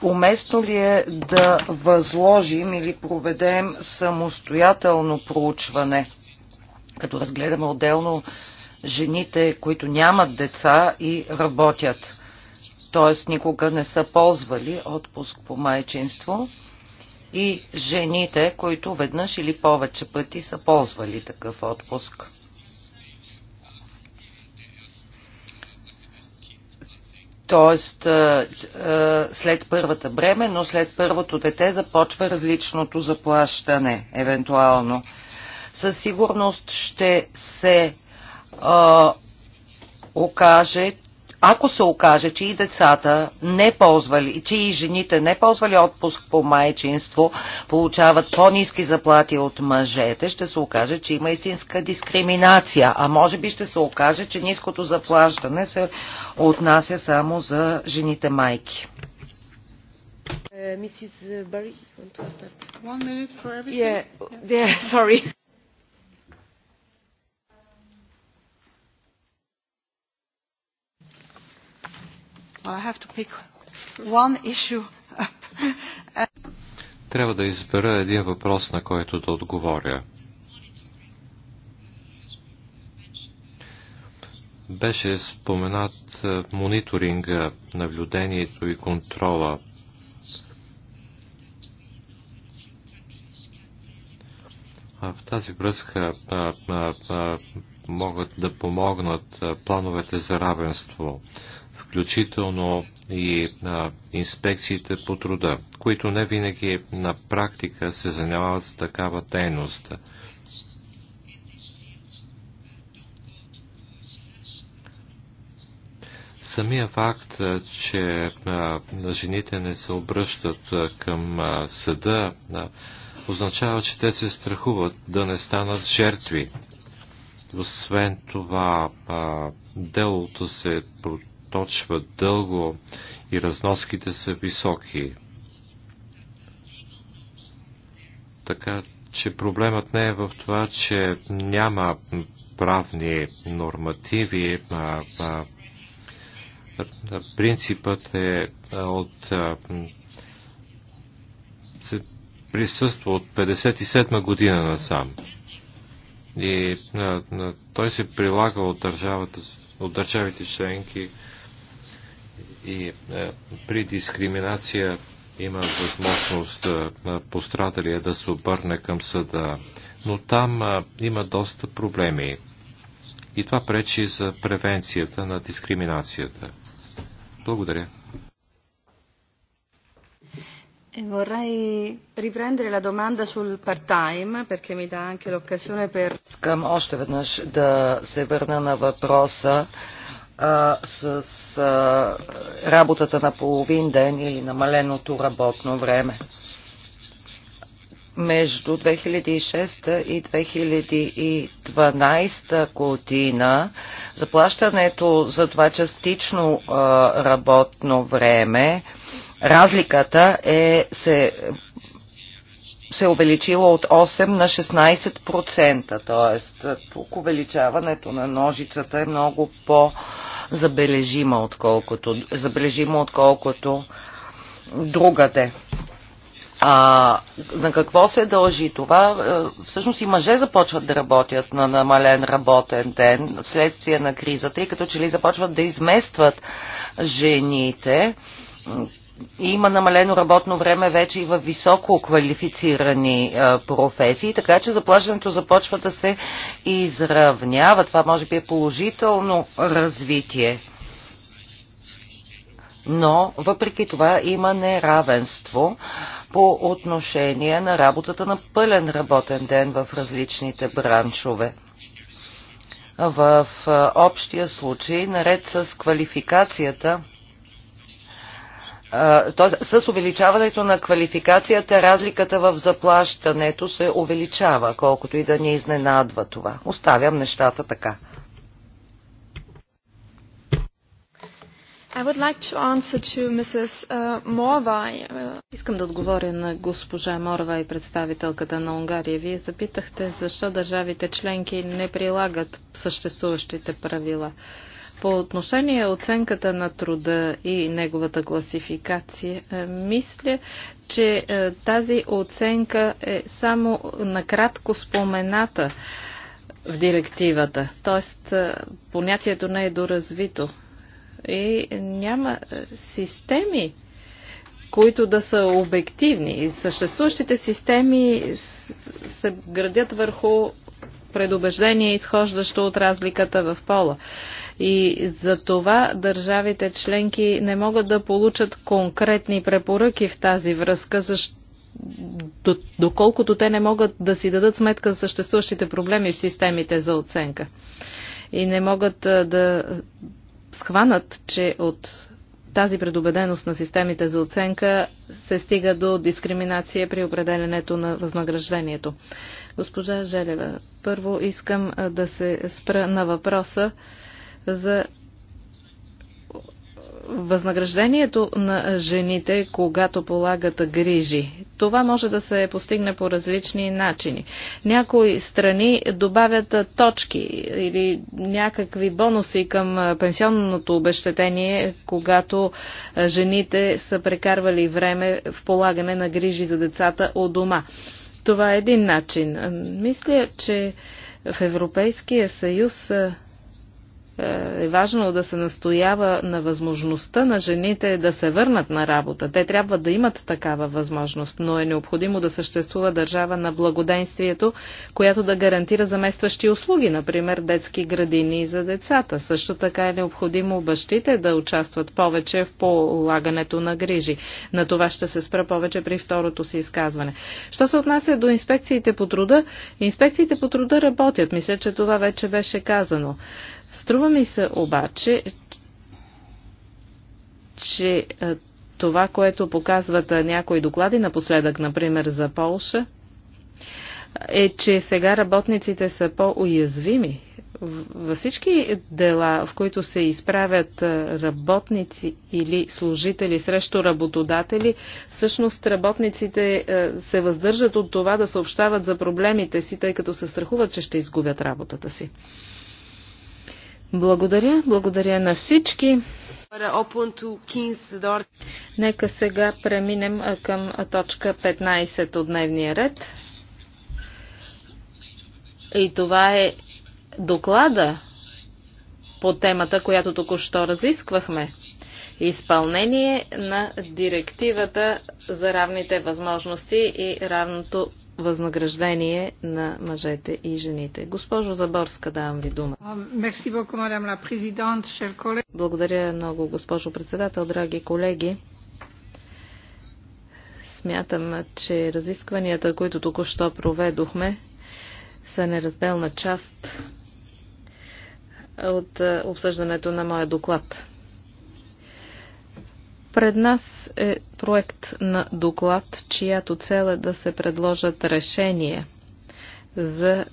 Уместно ли е да възложим или проведем самостоятелно проучване, като разгледаме отделно жените, които нямат деца и работят, т.е. никога не са ползвали отпуск по майчинство? и жените, които веднъж или повече пъти са ползвали такъв отпуск. Тоест, след първата бреме, но след първото дете започва различното заплащане, евентуално. Със сигурност ще се а, окаже, ако се окаже, че и децата не ползвали, че и жените не ползвали отпуск по майчинство, получават по-низки заплати от мъжете, ще се окаже, че има истинска дискриминация. А може би ще се окаже, че ниското заплащане се отнася само за жените майки. Mrs. Е, Barry, you want to start? One minute for everything? Yeah, yeah sorry. Трябва да избера един въпрос, на който да отговоря. Беше споменат е, мониторинга, наблюдението и контрола. В тази връзка а, а, а, могат да помогнат е, плановете за равенство. А, включително и а, инспекциите по труда, които не винаги на практика се занимават с такава дейност. Самия факт, че а, жените не се обръщат а, към а, съда, а, означава, че те се страхуват да не станат жертви. Освен това, а, делото се проточва дълго и разноските са високи. Така че проблемът не е в това, че няма правни нормативи, а, а, принципът е от се присъства от 57 година насам. И а, той се прилага от, държавата, от държавите членки и е, при дискриминация има възможност е, пострадалия да се обърне към съда. Но там е, има доста проблеми. И това пречи за превенцията на дискриминацията. Благодаря. Vorrei Искам още веднъж да се върна на въпроса а, с а, работата на половин ден или намаленото работно време. Между 2006 и 2012 година заплащането за това частично а, работно време, разликата е, се се е увеличила от 8 на 16%, т.е. тук увеличаването на ножицата е много по-забележимо, отколкото, забележимо отколкото другаде. А, на какво се дължи това? Всъщност и мъже започват да работят на намален работен ден вследствие на кризата, и като че ли започват да изместват жените има намалено работно време вече и в високо квалифицирани е, професии, така че заплащането започва да се изравнява. Това може би е положително развитие. Но въпреки това има неравенство по отношение на работата на пълен работен ден в различните браншове в е, общия случай, наред с квалификацията с увеличаването на квалификацията разликата в заплащането се увеличава, колкото и да ни изненадва това. Оставям нещата така. I would like to answer to Mrs. Uh, Morvai. Искам да отговоря на госпожа Морва и представителката на Унгария. Вие запитахте защо държавите членки не прилагат съществуващите правила. Uh, по отношение оценката на труда и неговата класификация, е, мисля, че е, тази оценка е само накратко спомената в директивата, т.е. понятието не е доразвито и няма е, системи, които да са обективни. Съществуващите системи се градят върху предубеждение, изхождащо от разликата в пола. И за това държавите членки не могат да получат конкретни препоръки в тази връзка, защото доколкото те не могат да си дадат сметка за съществуващите проблеми в системите за оценка. И не могат да схванат, че от тази предубеденост на системите за оценка се стига до дискриминация при определенето на възнаграждението. Госпожа Желева, първо искам да се спра на въпроса за възнаграждението на жените, когато полагат грижи. Това може да се постигне по различни начини. Някои страни добавят точки или някакви бонуси към пенсионното обещетение, когато жените са прекарвали време в полагане на грижи за децата у дома. Това е един начин. Мисля, че в Европейския съюз е, е важно да се настоява на възможността на жените да се върнат на работа. Те трябва да имат такава възможност, но е необходимо да съществува държава на благоденствието, която да гарантира заместващи услуги, например детски градини за децата. Също така е необходимо бащите да участват повече в полагането на грижи. На това ще се спра повече при второто си изказване. Що се отнася до инспекциите по труда, инспекциите по труда работят. Мисля, че това вече беше казано. Струва ми се обаче, че това, което показват някои доклади напоследък, например за Полша, е, че сега работниците са по-уязвими. Във всички дела, в които се изправят работници или служители срещу работодатели, всъщност работниците се въздържат от това да съобщават за проблемите си, тъй като се страхуват, че ще изгубят работата си. Благодаря, благодаря на всички. Нека сега преминем към точка 15 от дневния ред. И това е доклада по темата, която току-що разисквахме. Изпълнение на директивата за равните възможности и равното възнаграждение на мъжете и жените. Госпожо Заборска, давам ви дума. Благодаря много, госпожо председател, драги колеги. Смятам, че разискванията, които току-що проведохме, са неразделна част от е, обсъждането на моя доклад. Пред нас е проект на доклад, чиято цел е да се предложат решения за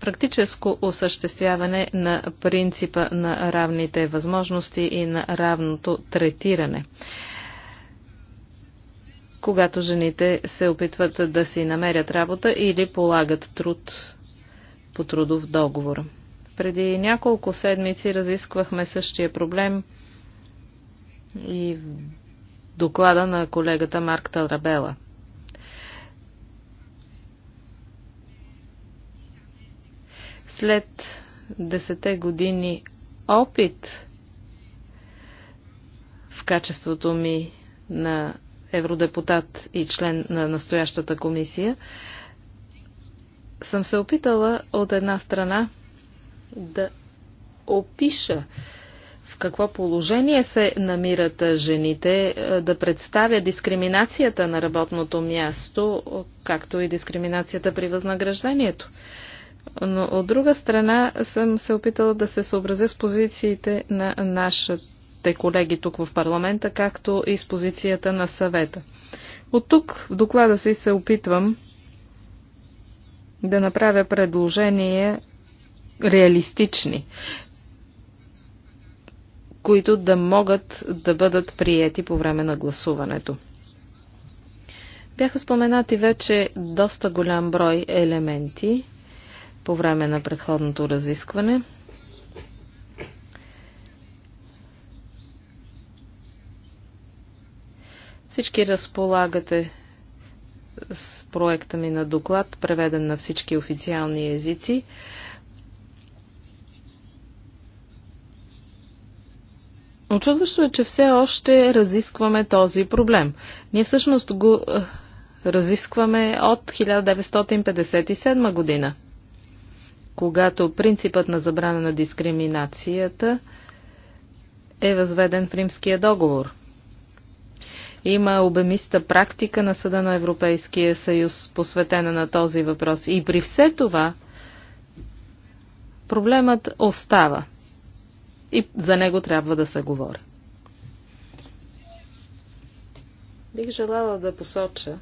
практическо осъществяване на принципа на равните възможности и на равното третиране. Когато жените се опитват да си намерят работа или полагат труд по трудов договор. Преди няколко седмици разисквахме същия проблем – и в доклада на колегата Марк Тарабела. След десете години опит в качеството ми на евродепутат и член на настоящата комисия, съм се опитала от една страна да опиша какво положение се намират жените да представя дискриминацията на работното място, както и дискриминацията при възнаграждението. Но от друга страна съм се опитала да се съобразя с позициите на нашите колеги тук в парламента, както и с позицията на съвета. От тук в доклада си се опитвам да направя предложения реалистични които да могат да бъдат приети по време на гласуването. Бяха споменати вече доста голям брой елементи по време на предходното разискване. Всички разполагате с проекта ми на доклад, преведен на всички официални езици. Очудващо е, че все още разискваме този проблем. Ние всъщност го е, разискваме от 1957 година, когато принципът на забрана на дискриминацията е възведен в Римския договор. Има обемиста практика на Съда на Европейския съюз, посветена на този въпрос. И при все това проблемът остава – и за него трябва да се говори. Бих желала да посоча,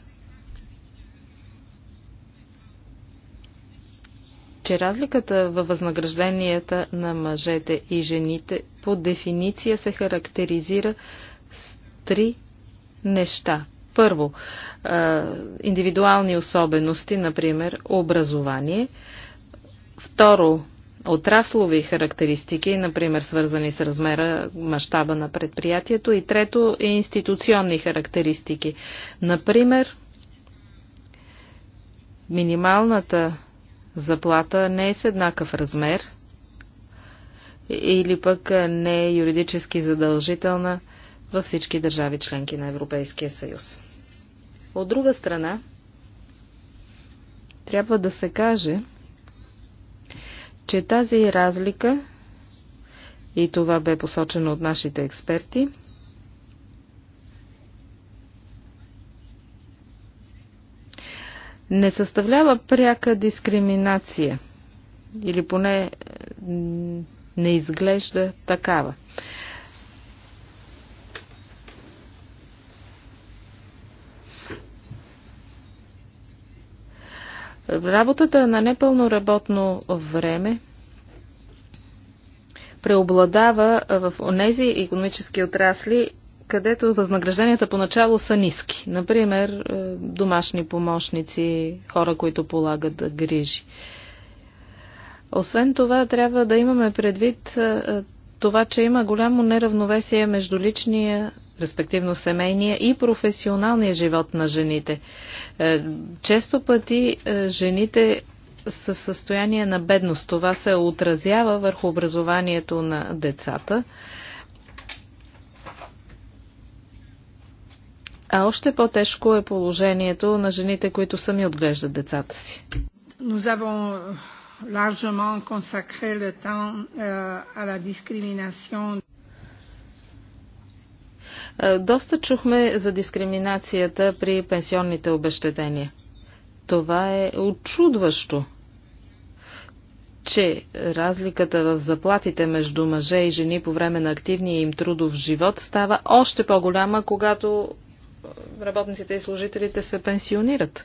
че разликата във възнагражденията на мъжете и жените по дефиниция се характеризира с три неща. Първо, индивидуални особености, например образование. Второ, отраслови характеристики, например свързани с размера, мащаба на предприятието и трето е институционни характеристики. Например, минималната заплата не е с еднакъв размер или пък не е юридически задължителна във всички държави членки на Европейския съюз. От друга страна, трябва да се каже, че тази разлика, и това бе посочено от нашите експерти, не съставлява пряка дискриминация или поне не изглежда такава. Работата на непълно работно време преобладава в онези економически отрасли, където възнагражденията поначало са ниски. Например, е, домашни помощници, хора, които полагат грижи. Освен това, трябва да имаме предвид е, е, това, че има голямо неравновесие между личния респективно семейния и професионалния живот на жените. Е, често пъти е, жените са в състояние на бедност. Това се отразява върху образованието на децата. А още по-тежко е положението на жените, които сами отглеждат децата си. Nous avons euh, largement consacré le temps euh, à la discrimination е, доста чухме за дискриминацията при пенсионните обещетения. Това е очудващо, че разликата в заплатите между мъже и жени по време на активния им трудов живот става още по-голяма, когато е, работниците и служителите се пенсионират.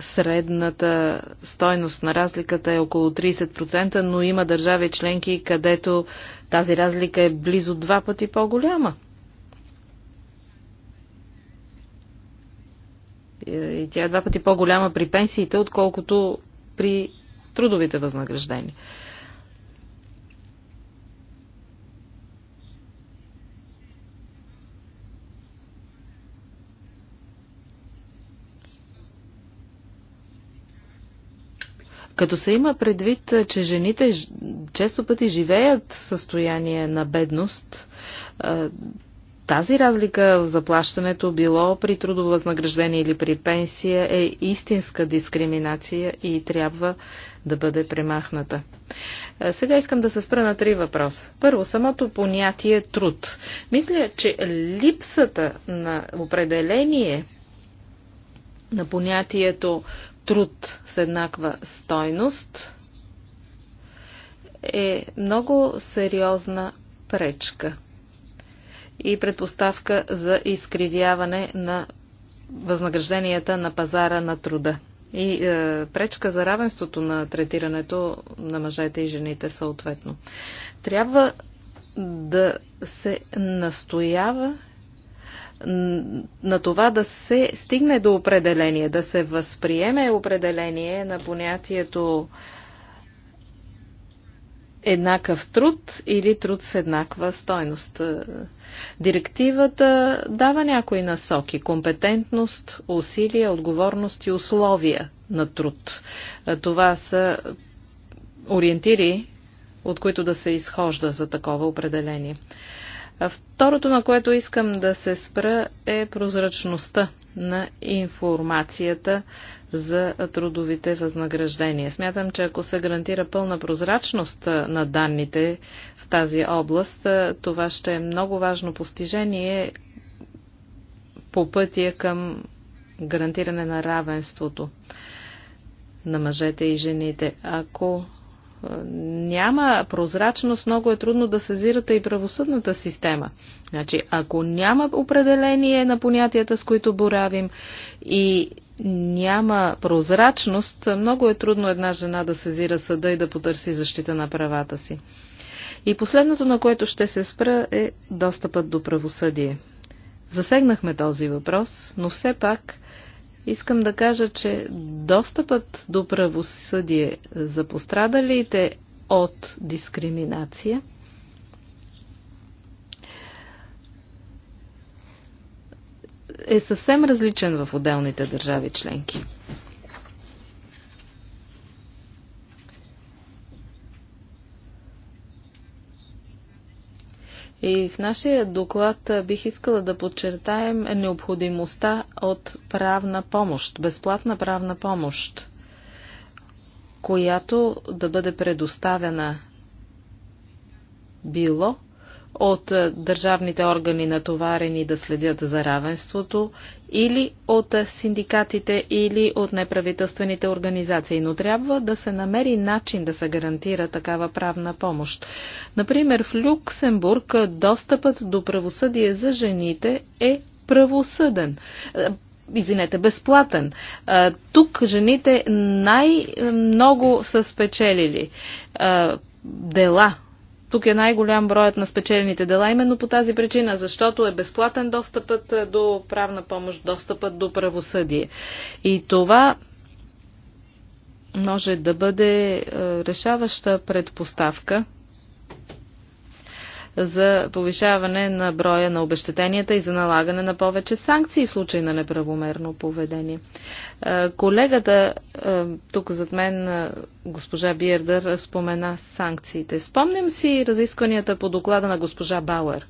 Средната стойност на разликата е около 30%, но има държави членки, където тази разлика е близо два пъти по-голяма. Е, и тя е два пъти по-голяма при пенсиите, отколкото при трудовите възнаграждения. Като се има предвид, че жените често пъти живеят в състояние на бедност, е, тази разлика в заплащането, било при трудово възнаграждение или при пенсия, е истинска дискриминация и трябва да бъде премахната. Е, сега искам да се спра на три въпроса. Първо, самото понятие труд. Мисля, че липсата на определение на понятието труд с еднаква стойност е много сериозна пречка и предпоставка за изкривяване на възнагражденията на пазара на труда. И е, пречка за равенството на третирането на мъжете и жените съответно. Трябва да се настоява на това да се стигне до определение, да се възприеме определение на понятието е, еднакъв труд или труд с еднаква стойност. Е, директивата дава някои насоки – компетентност, усилия, отговорност и условия на труд. Е, това са ориентири, от които да се изхожда за такова определение. Второто, на което искам да се спра, е прозрачността на информацията за трудовите възнаграждения. Смятам, че ако се гарантира пълна прозрачност на данните в тази област, това ще е много важно постижение по пътя към гарантиране на равенството на мъжете и жените. Ако няма прозрачност, много е трудно да сезирате и правосъдната система. Значи, ако няма определение на понятията, с които боравим и няма прозрачност, много е трудно една жена да сезира съда и да потърси защита на правата си. И последното, на което ще се спра, е достъпът до правосъдие. Засегнахме този въпрос, но все пак искам да кажа, че достъпът до правосъдие за пострадалите от дискриминация – е съвсем различен в отделните държави членки. И в нашия доклад бих искала да подчертаем необходимостта от правна помощ, безплатна правна помощ, която да бъде предоставена било от е, държавните органи натоварени да следят за равенството, или от е, синдикатите, или от неправителствените организации. Но трябва да се намери начин да се гарантира такава правна помощ. Например, в Люксембург е, достъпът до правосъдие за жените е правосъден извинете, безплатен. Тук жените най-много са спечелили дела тук е най-голям броят на спечелените дела именно по тази причина, защото е безплатен достъпът е, до правна помощ, достъпът до правосъдие. И това може да бъде е, решаваща предпоставка за повишаване на броя на обещетенията и за налагане на повече санкции в случай на неправомерно поведение. Е, колегата е, тук зад мен, е, госпожа Биердър, спомена санкциите. Спомням си разискванията по доклада на госпожа Бауер.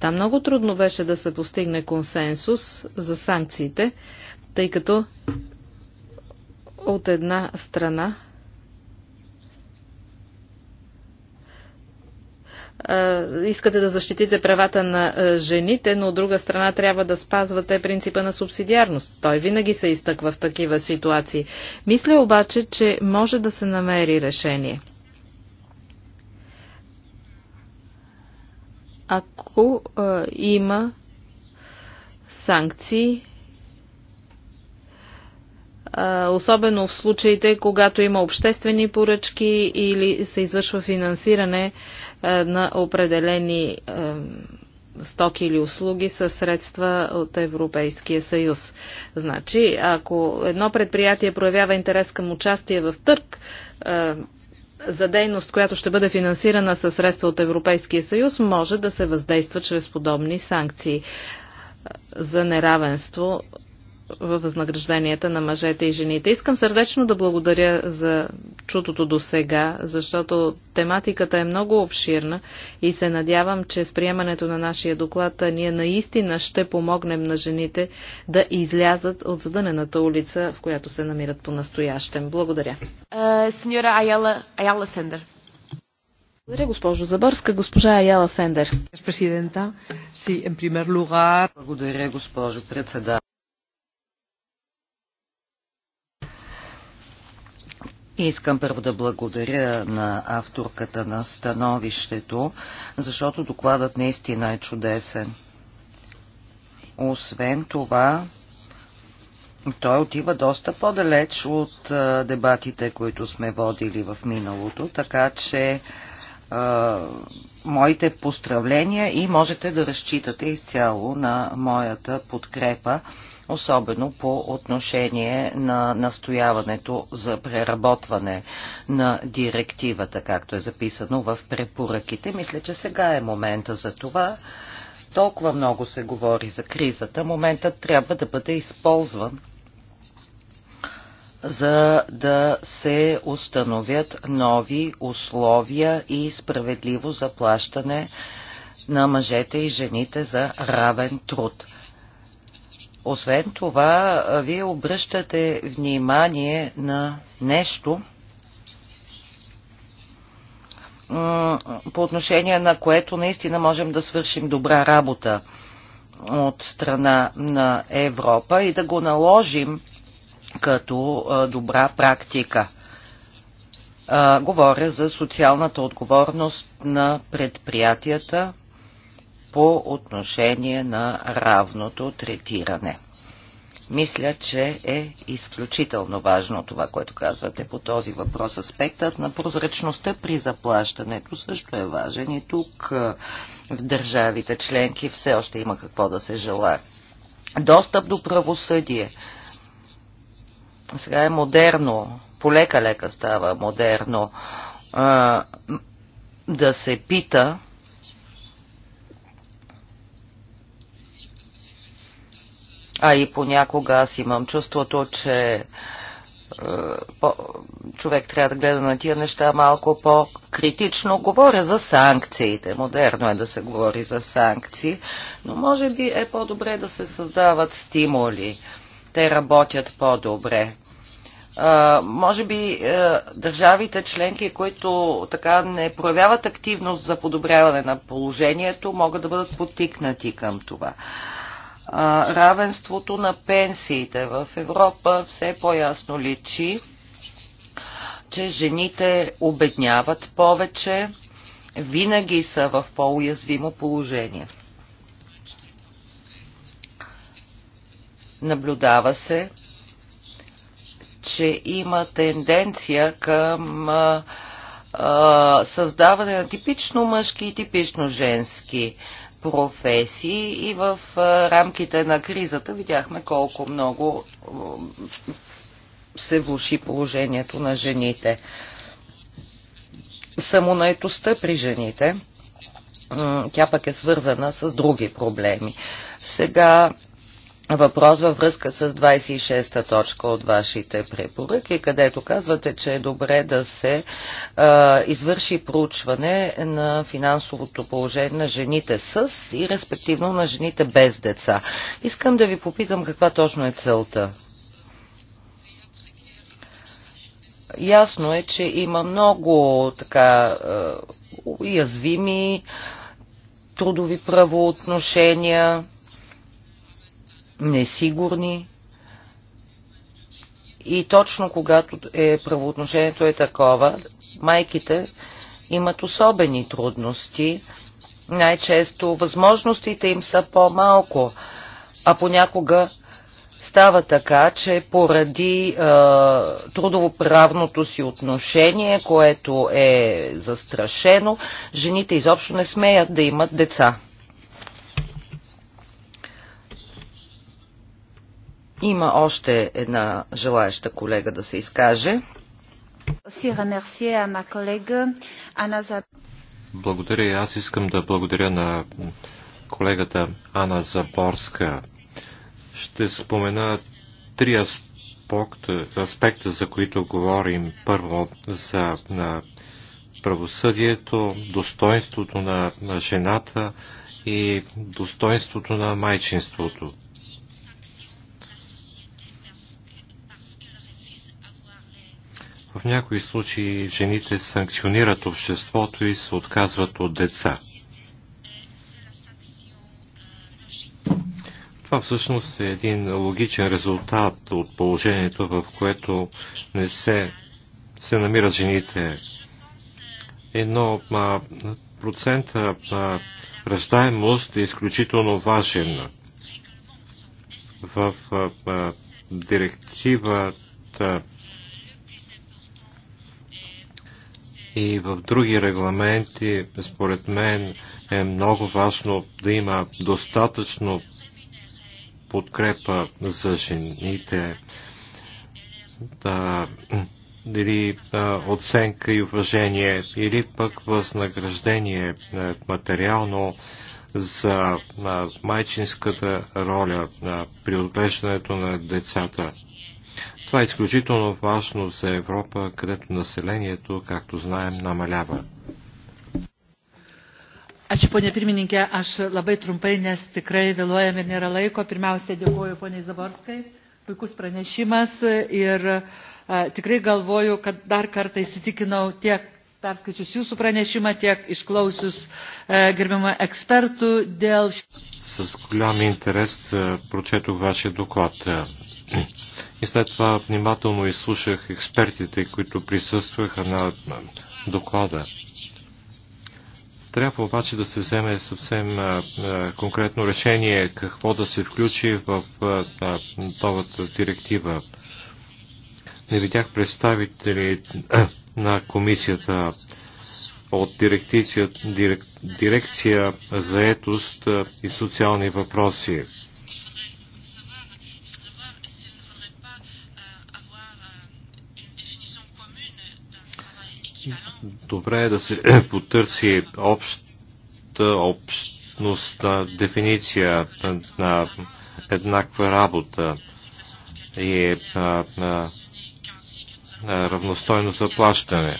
Там много трудно беше да се постигне консенсус за санкциите, тъй като от една страна искате да защитите правата на жените, но от друга страна трябва да спазвате принципа на субсидиарност. Той винаги се изтъква в такива ситуации. Мисля обаче, че може да се намери решение. Ако а, има санкции, особено в случаите, когато има обществени поръчки или се извършва финансиране е, на определени е, стоки или услуги са средства от Европейския съюз. Значи, ако едно предприятие проявява интерес към участие в търг, е, за дейност, която ще бъде финансирана със средства от Европейския съюз, може да се въздейства чрез подобни санкции за неравенство възнагражденията на мъжете и жените. Искам сърдечно да благодаря за чутото до сега, защото тематиката е много обширна и се надявам, че с приемането на нашия доклад ние наистина ще помогнем на жените да излязат от задънената улица, в която се намират по-настоящем. Благодаря. Е, сеньора Аяла, Аяла Сендър. Благодаря, госпожо Забърска. Госпожа Аяла Сендер. Благодаря, госпожо председател. Искам първо да благодаря на авторката на становището, защото докладът наистина е чудесен. Освен това, той отива доста по-далеч от а, дебатите, които сме водили в миналото, така че а, моите поздравления и можете да разчитате изцяло на моята подкрепа особено по отношение на настояването за преработване на директивата, както е записано в препоръките. Мисля, че сега е момента за това. Толкова много се говори за кризата, моментът трябва да бъде използван за да се установят нови условия и справедливо заплащане на мъжете и жените за равен труд. Освен това, вие обръщате внимание на нещо, по отношение на което наистина можем да свършим добра работа от страна на Европа и да го наложим като добра практика. Говоря за социалната отговорност на предприятията, по отношение на равното третиране. Мисля, че е изключително важно това, което казвате по този въпрос. Аспектът на прозрачността при заплащането също е важен и тук е, в държавите членки все още има какво да се желая. Достъп до правосъдие. Сега е модерно, полека-лека става модерно е, да се пита а и понякога аз имам чувството, че е, по, човек трябва да гледа на тия неща малко по-критично. Говоря за санкциите. Модерно е да се говори за санкции, но може би е по-добре да се създават стимули. Те работят по-добре. може би а, е, държавите членки, които така не проявяват активност за подобряване на положението, могат да бъдат потикнати към това. А, равенството на пенсиите в Европа все по-ясно личи, че жените обедняват повече, винаги са в по-уязвимо положение. Наблюдава се, че има тенденция към а, създаване на типично мъжки и типично женски професии и в рамките на кризата видяхме колко много се влуши положението на жените. Самонаетостта при жените, тя пък е свързана с други проблеми. Сега въпрос във връзка с 26-та точка от вашите препоръки, където казвате, че е добре да се а, извърши проучване на финансовото положение на жените с и респективно на жените без деца. Искам да ви попитам каква точно е целта. Ясно е, че има много така уязвими трудови правоотношения, несигурни и точно когато е правоотношението е такова, майките имат особени трудности. Най-често възможностите им са по-малко, а понякога става така, че поради е, трудовоправното си отношение, което е застрашено, жените изобщо не смеят да имат деца. Има още една желаеща колега да се изкаже. Благодаря и аз искам да благодаря на колегата Ана Заборска. Ще спомена три аспекта, аспекта за които говорим. Първо за на правосъдието, достоинството на, на жената и достоинството на майчинството. В някои случаи жените санкционират обществото и се отказват от деца. Това всъщност е един логичен резултат от положението, в което не се, се намират жените. Едно а, процента а, раждаемост е изключително важен. В а, а, директивата и в други регламенти, според мен, е много важно да има достатъчно подкрепа за жените, да, или да, оценка и уважение, или пък възнаграждение е, материално за майчинската роля при отглеждането на децата. Това е изключително важно за Европа, където населението, както знаем, намалява. Ačiū, ponė pirmininkė, aš labai trumpai, nes tikrai vėluojame nėra laiko. Pirmiausia, dėkuoju ponė Zaborskai, puikus pranešimas ir a, tikrai galvoju, kad dar kartą įsitikinau tiek perskaičius jūsų pranešimą, tiek išklausius e, gerbiamą ekspertų дел. С голям interes pročetų vašį dukotą. И след това внимателно изслушах експертите, които присъстваха на доклада. Трябва обаче да се вземе съвсем а, конкретно решение какво да се включи в новата директива. Не видях представители на комисията от дирекция, дирек, дирекция за етост и социални въпроси. добре е да се [clears throat] потърси обща на дефиниция на еднаква работа и на, на, на равностойно заплащане.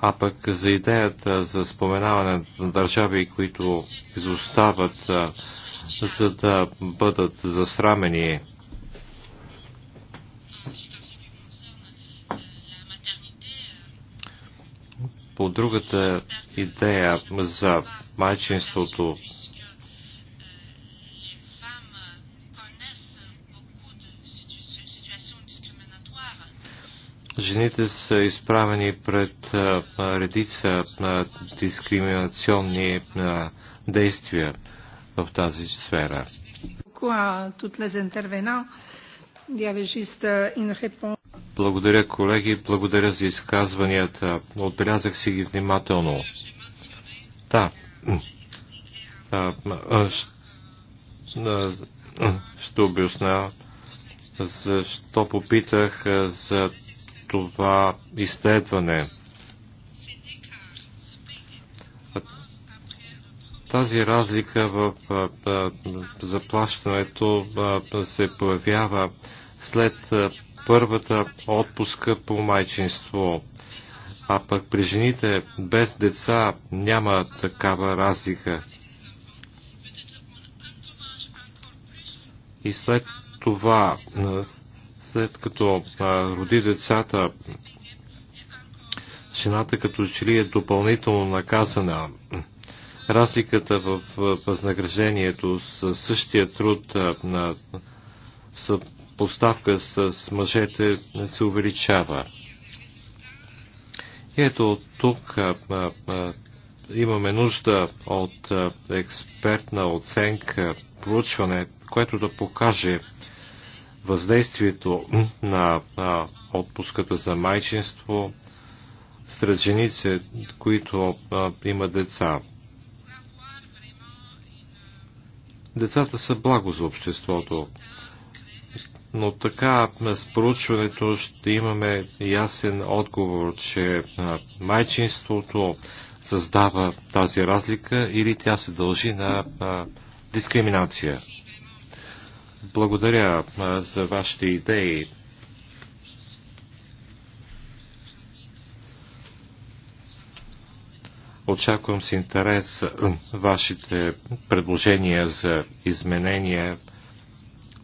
А пък за идеята за споменаване на държави, които изостават, за да бъдат засрамени по другата идея за майчинството, жените са изправени пред редица дискриминационни действия в тази сфера. Благодаря, колеги. Благодаря за изказванията. Отбелязах си ги внимателно. Да. Ще обясня защо попитах за това изследване. Тази разлика в заплащането се появява след първата отпуска по майчинство. А пък при жените без деца няма такава разлика. И след това, след като роди децата, жената като че ли е допълнително наказана. Разликата в възнаграждението със същия труд на поставка с мъжете се увеличава. Ето тук имаме нужда от експертна оценка, проучване, което да покаже въздействието на отпуската за майчинство сред жените, които имат деца. Децата са благо за обществото но така с проучването ще имаме ясен отговор, че майчинството създава тази разлика или тя се дължи на дискриминация. Благодаря за вашите идеи. Очаквам с интерес вашите предложения за изменения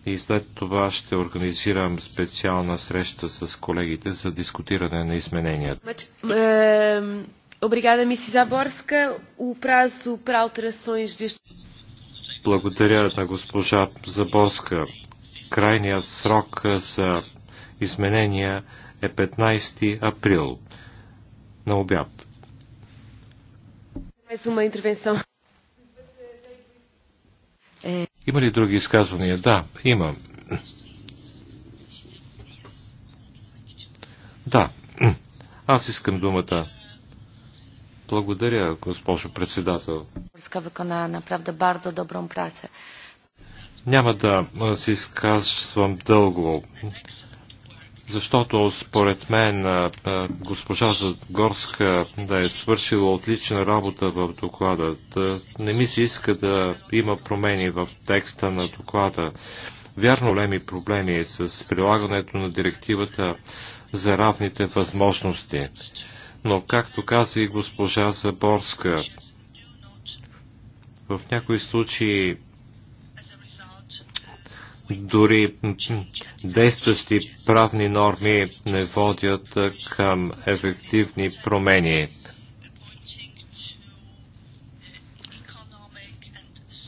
и след това ще организирам специална среща с колегите за дискутиране на измененията. Obrigada, Mrs. Zaborska. O prazo para alterações deste... Благодаря на госпожа Заборска. Крайният срок за изменения е 15 април на обяд. Mais uma intervenção. Има ли други изказвания? Да, има. Да, аз искам думата. Благодаря, госпожо председател. Няма да се изказвам дълго защото според мен госпожа Загорска да е свършила отлична работа в доклада. Да не ми се иска да има промени в текста на доклада. Вярно големи проблеми е с прилагането на директивата за равните възможности. Но, както каза и госпожа Заборска, в някои случаи дори действащи правни норми не водят към ефективни промени.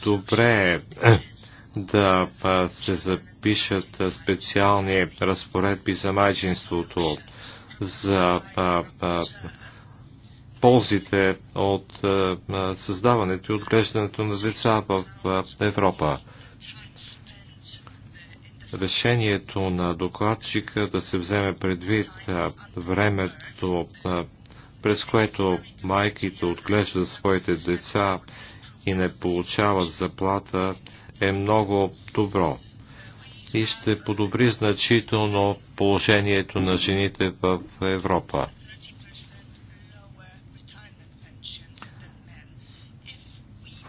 Добре е [clears throat] да се запишат специални разпоредби за майчинството, за ползите от създаването и отглеждането на деца в Европа решението на докладчика да се вземе предвид времето, през което майките отглеждат своите деца и не получават заплата, е много добро и ще подобри значително положението на жените в Европа.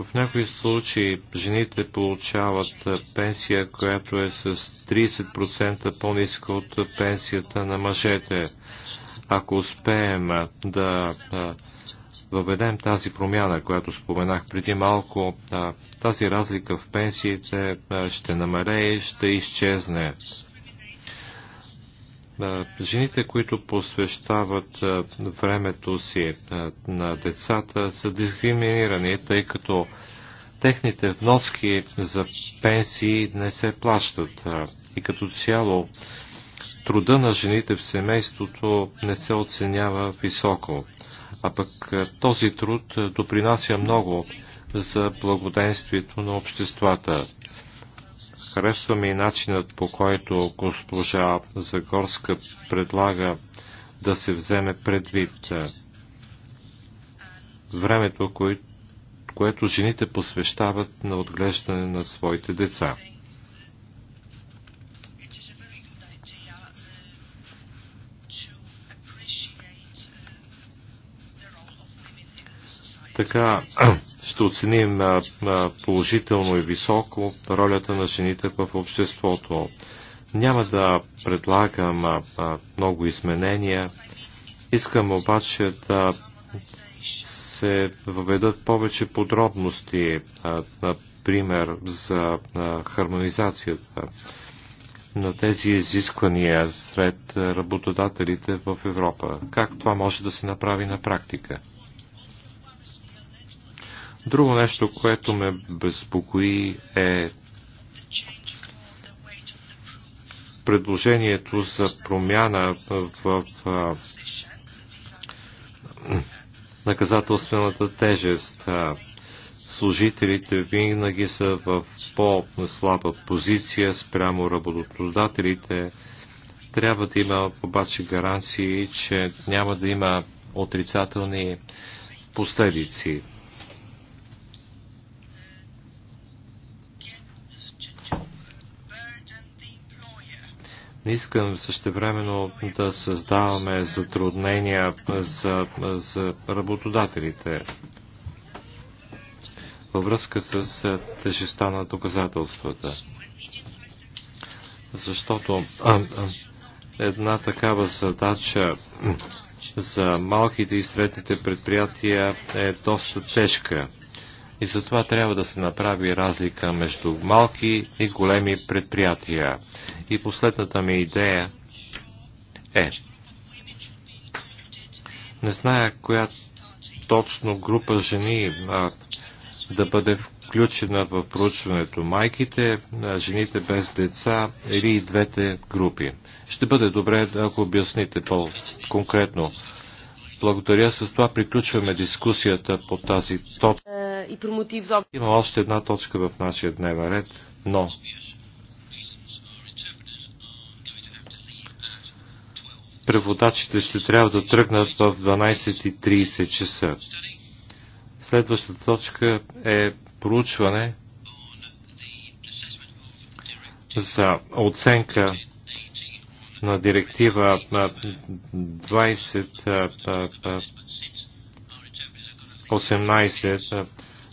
В някои случаи жените получават пенсия, която е с 30% по-ниска от пенсията на мъжете. Ако успеем да въведем тази промяна, която споменах преди малко, тази разлика в пенсиите ще намалее и ще изчезне. Жените, които посвещават времето си на децата, са дискриминирани, тъй като техните вноски за пенсии не се плащат. И като цяло труда на жените в семейството не се оценява високо. А пък този труд допринася много за благоденствието на обществата. Харесва ми и начинът по който госпожа Загорска предлага да се вземе предвид е, времето, което жените посвещават на отглеждане на своите деца. Така ще оценим положително и високо ролята на жените в обществото. Няма да предлагам много изменения. Искам обаче да се въведат повече подробности, например, за хармонизацията на тези изисквания сред работодателите в Европа. Как това може да се направи на практика? Друго нещо, което ме безпокои е предложението за промяна в, наказателствената тежест. Служителите винаги са в по-слаба позиция спрямо работодателите. Трябва да има обаче гаранции, че няма да има отрицателни последици Не искам същевременно да създаваме затруднения за, за работодателите във връзка с е, тежеста на доказателствата. Защото а, а, една такава задача за малките и средните предприятия е доста тежка. И затова трябва да се направи разлика между малки и големи предприятия. И последната ми идея е. Не зная коя точно група жени а, да бъде включена в проучването. Майките, жените без деца или и двете групи. Ще бъде добре, ако обясните по-конкретно благодаря. С това приключваме дискусията по тази точка. Е, Има още една точка в нашия дневен ред, но преводачите ще трябва да тръгнат в 12.30 часа. Следващата точка е проучване за оценка на директива 2018,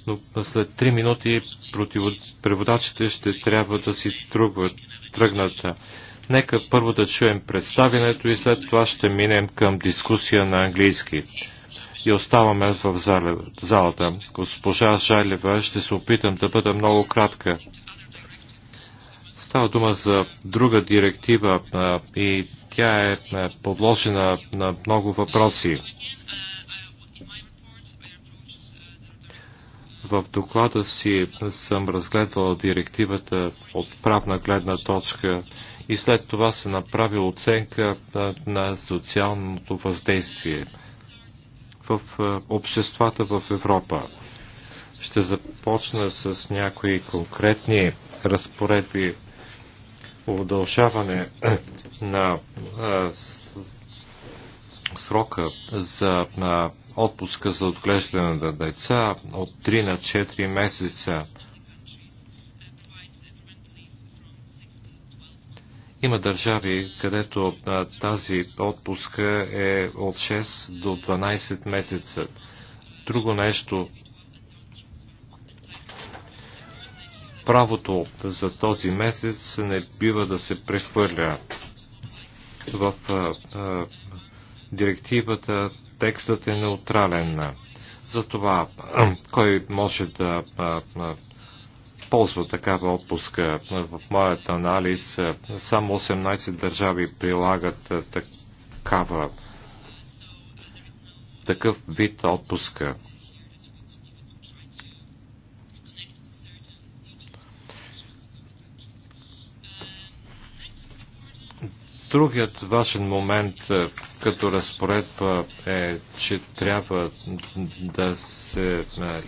но след 3 минути преводачите ще трябва да си тръгват, тръгнат. Нека първо да чуем представянето и след това ще минем към дискусия на английски. И оставаме в залата. Госпожа Жалева, ще се опитам да бъда много кратка. Става дума за друга директива и тя е подложена на много въпроси. В доклада си съм разгледвал директивата от правна гледна точка и след това се направи оценка на социалното въздействие в обществата в Европа. Ще започна с някои конкретни разпоредби удължаване [clears throat] на срока за отпуска за отглеждане на деца от 3 на 4 месеца. Има държави, където тази отпуска е от 6 до 12 месеца. Друго нещо правото за този месец не бива да се прехвърля. В а, а, директивата текстът е неутрален. Затова [clears throat] кой може да а, а, ползва такава отпуска? В моят анализ само 18 държави прилагат такава такъв вид отпуска. Другият важен момент е, като разпоредба е, че трябва да се е,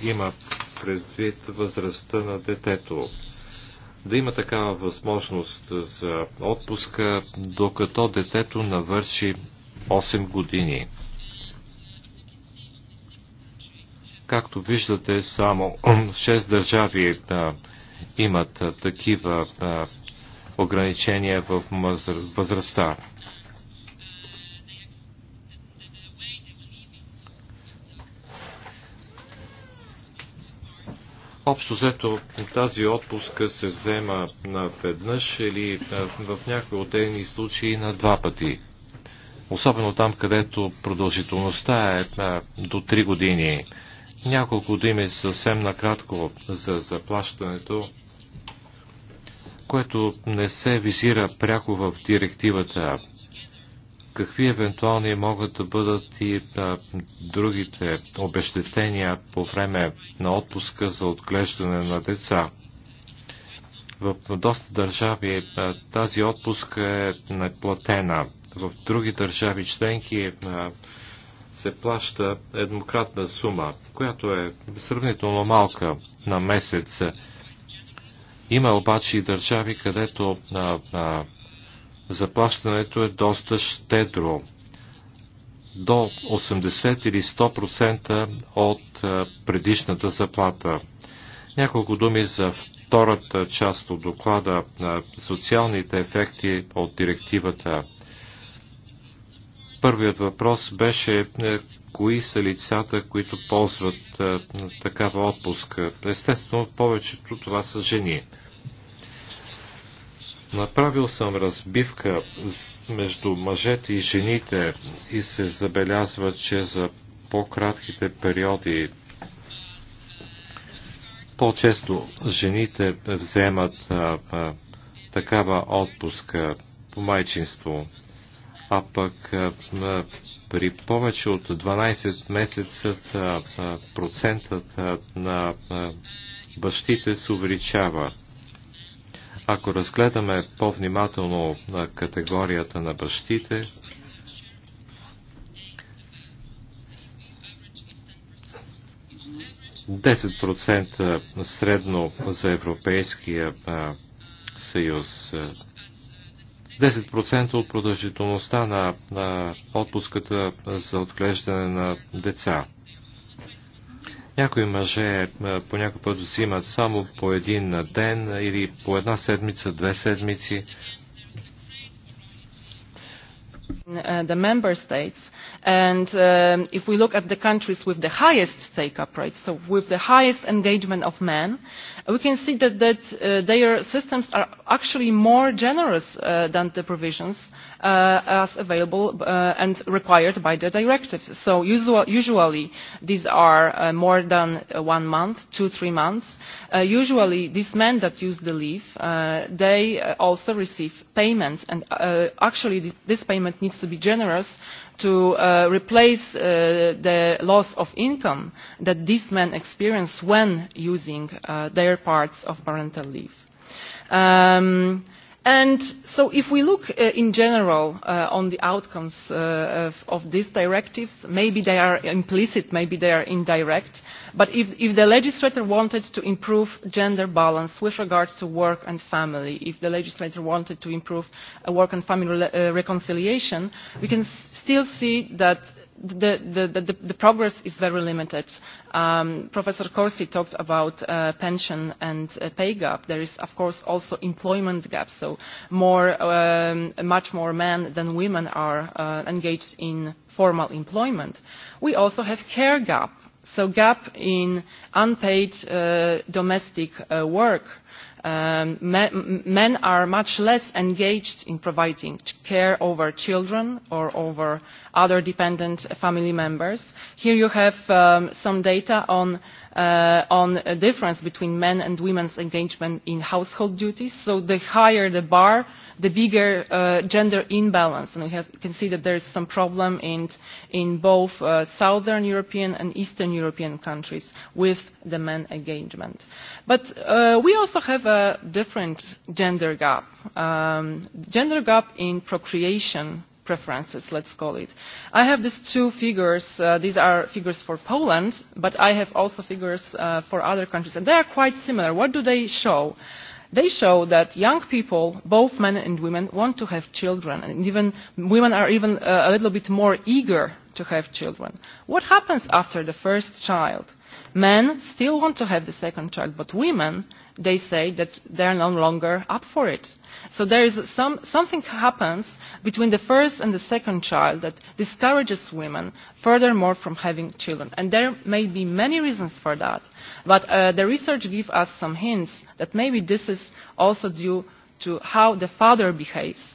има предвид възрастта на детето. Да има такава възможност за отпуска, докато детето навърши 8 години. Както виждате, само 6 [clears throat] държави е, имат такива ограничения в възрастта. Общо взето тази отпуска се взема наведнъж или е, в някои от тези случаи на два пъти. Особено там, където продължителността е, е до 3 години. Няколко думи съвсем накратко за заплащането което не се визира пряко в директивата. Какви евентуални могат да бъдат и а, другите обещетения по време на отпуска за отглеждане на деца? В доста държави а, тази отпуска е неплатена. В други държави членки а, се плаща еднократна сума, която е сравнително малка на месец. Има обаче и държави, където а, а, заплащането е доста щедро. До 80 или 100% от предишната заплата. Няколко думи за втората част от доклада на социалните ефекти от директивата. Първият въпрос беше е, кои са лицата, които ползват такава отпуска. Естествено, повечето това са жени. Направил съм разбивка между мъжете и жените и се забелязва, че за по-кратките периоди по-често жените вземат а, а, такава отпуска по майчинство, а пък а, а, при повече от 12 месеца процентът на бащите се увеличава. Ако разгледаме по-внимателно категорията на бащите, Десет процента средно за Европейския съюз 10% от продължителността на, на отпуската за отглеждане на деца. Някои мъже е, по някой път взимат само по един ден или по една седмица, две седмици. Uh, And um, if we look at the countries with the highest take-up rates, so with the highest engagement of men, we can see that, that uh, their systems are actually more generous uh, than the provisions uh, as available uh, and required by the directive. So usual, usually these are uh, more than one month, two, three months. Uh, usually these men that use the leave, uh, they also receive payments and uh, actually th this payment needs to be generous to uh, replace uh, the loss of income that these men experience when using uh, their parts of parental leave. Um, And so if we look uh, in general uh, on the outcomes uh, of, of these directives, maybe they are implicit, maybe they are indirect, but if, if the legislator wanted to improve gender balance with regard to work and family, if the legislator wanted to improve uh, work and family uh, reconciliation, we can s still see that the, the, the, the progress is very limited. Um, Professor Corsi talked about uh, pension and uh, pay gap. There is, of course, also employment gap. So more, um, much more men than women are uh, engaged in formal employment. We also have care gap. So gap in unpaid uh, domestic uh, work men are much less engaged in providing care over children or over other dependent family members. Here you have some data on the difference between men and women's engagement in household duties. So the higher the bar, the bigger uh, gender imbalance. And we have, can see that there is some problem in, in both uh, southern European and eastern European countries with the men engagement. But uh, we also have a different gender gap. Um, gender gap in procreation preferences, let's call it. I have these two figures. Uh, these are figures for Poland, but I have also figures uh, for other countries, and they are quite similar. What do they show? Uh, They show that young people, both men and women, want to have children, and even women are even uh, a little bit more eager to have children. What happens after the first child? Men still want to have the second child, but women, they say that they are no longer up for it So there is some, something happens between the first and the second child that discourages women furthermore from having children. And there may be many reasons for that, but uh, the research gives us some hints that maybe this is also due to how the father behaves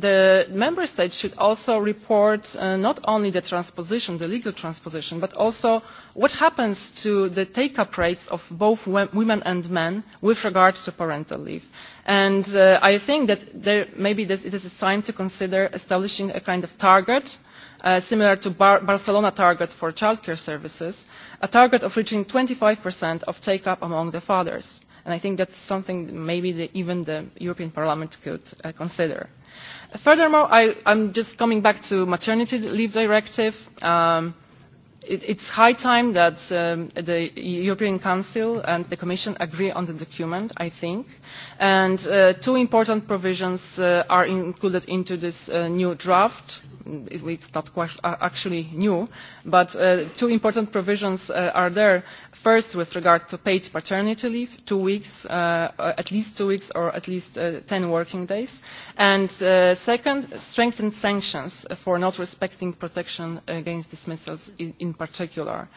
the member states should also report not only the transposition the legal transposition but also what happens to the take up rates of both women and men with regard to parental leave and i think that there maybe this it is a sign to consider establishing a kind of target similar to the Barcelona target for childcare services, a target of reaching 25% of take-up among the fathers And I think that's something maybe the, even the European Parliament could uh, consider. Furthermore, I, I'm just coming back to maternity leave directive. Um, it, it's high time that um, the European Council and the Commission agree on the document, I think. And uh, two important provisions uh, are included into this uh, new draft. It's not quite actually new, but uh, two important provisions uh, are there. First, with regard to paid paternity leave, two weeks, uh, at least two weeks or at least uh, 10 working days. And uh, second, strengthened sanctions for not respecting protection against dismissals in, in particular.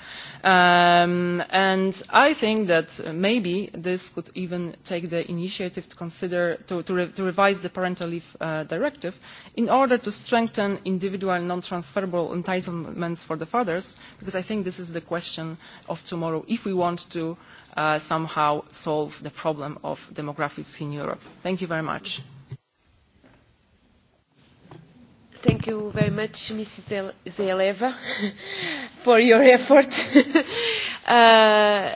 Um, and I think that maybe this could even take the initiative to consider to, to, re, to revise the parental leave uh, directive in order to strengthen individual non-transferable entitlements for the fathers, because I think this is the question of tomorrow if we want to uh, somehow solve the problem of demographics in Europe. Thank you very much. Thank you very much, Mrs. Zeleva, for your effort. uh,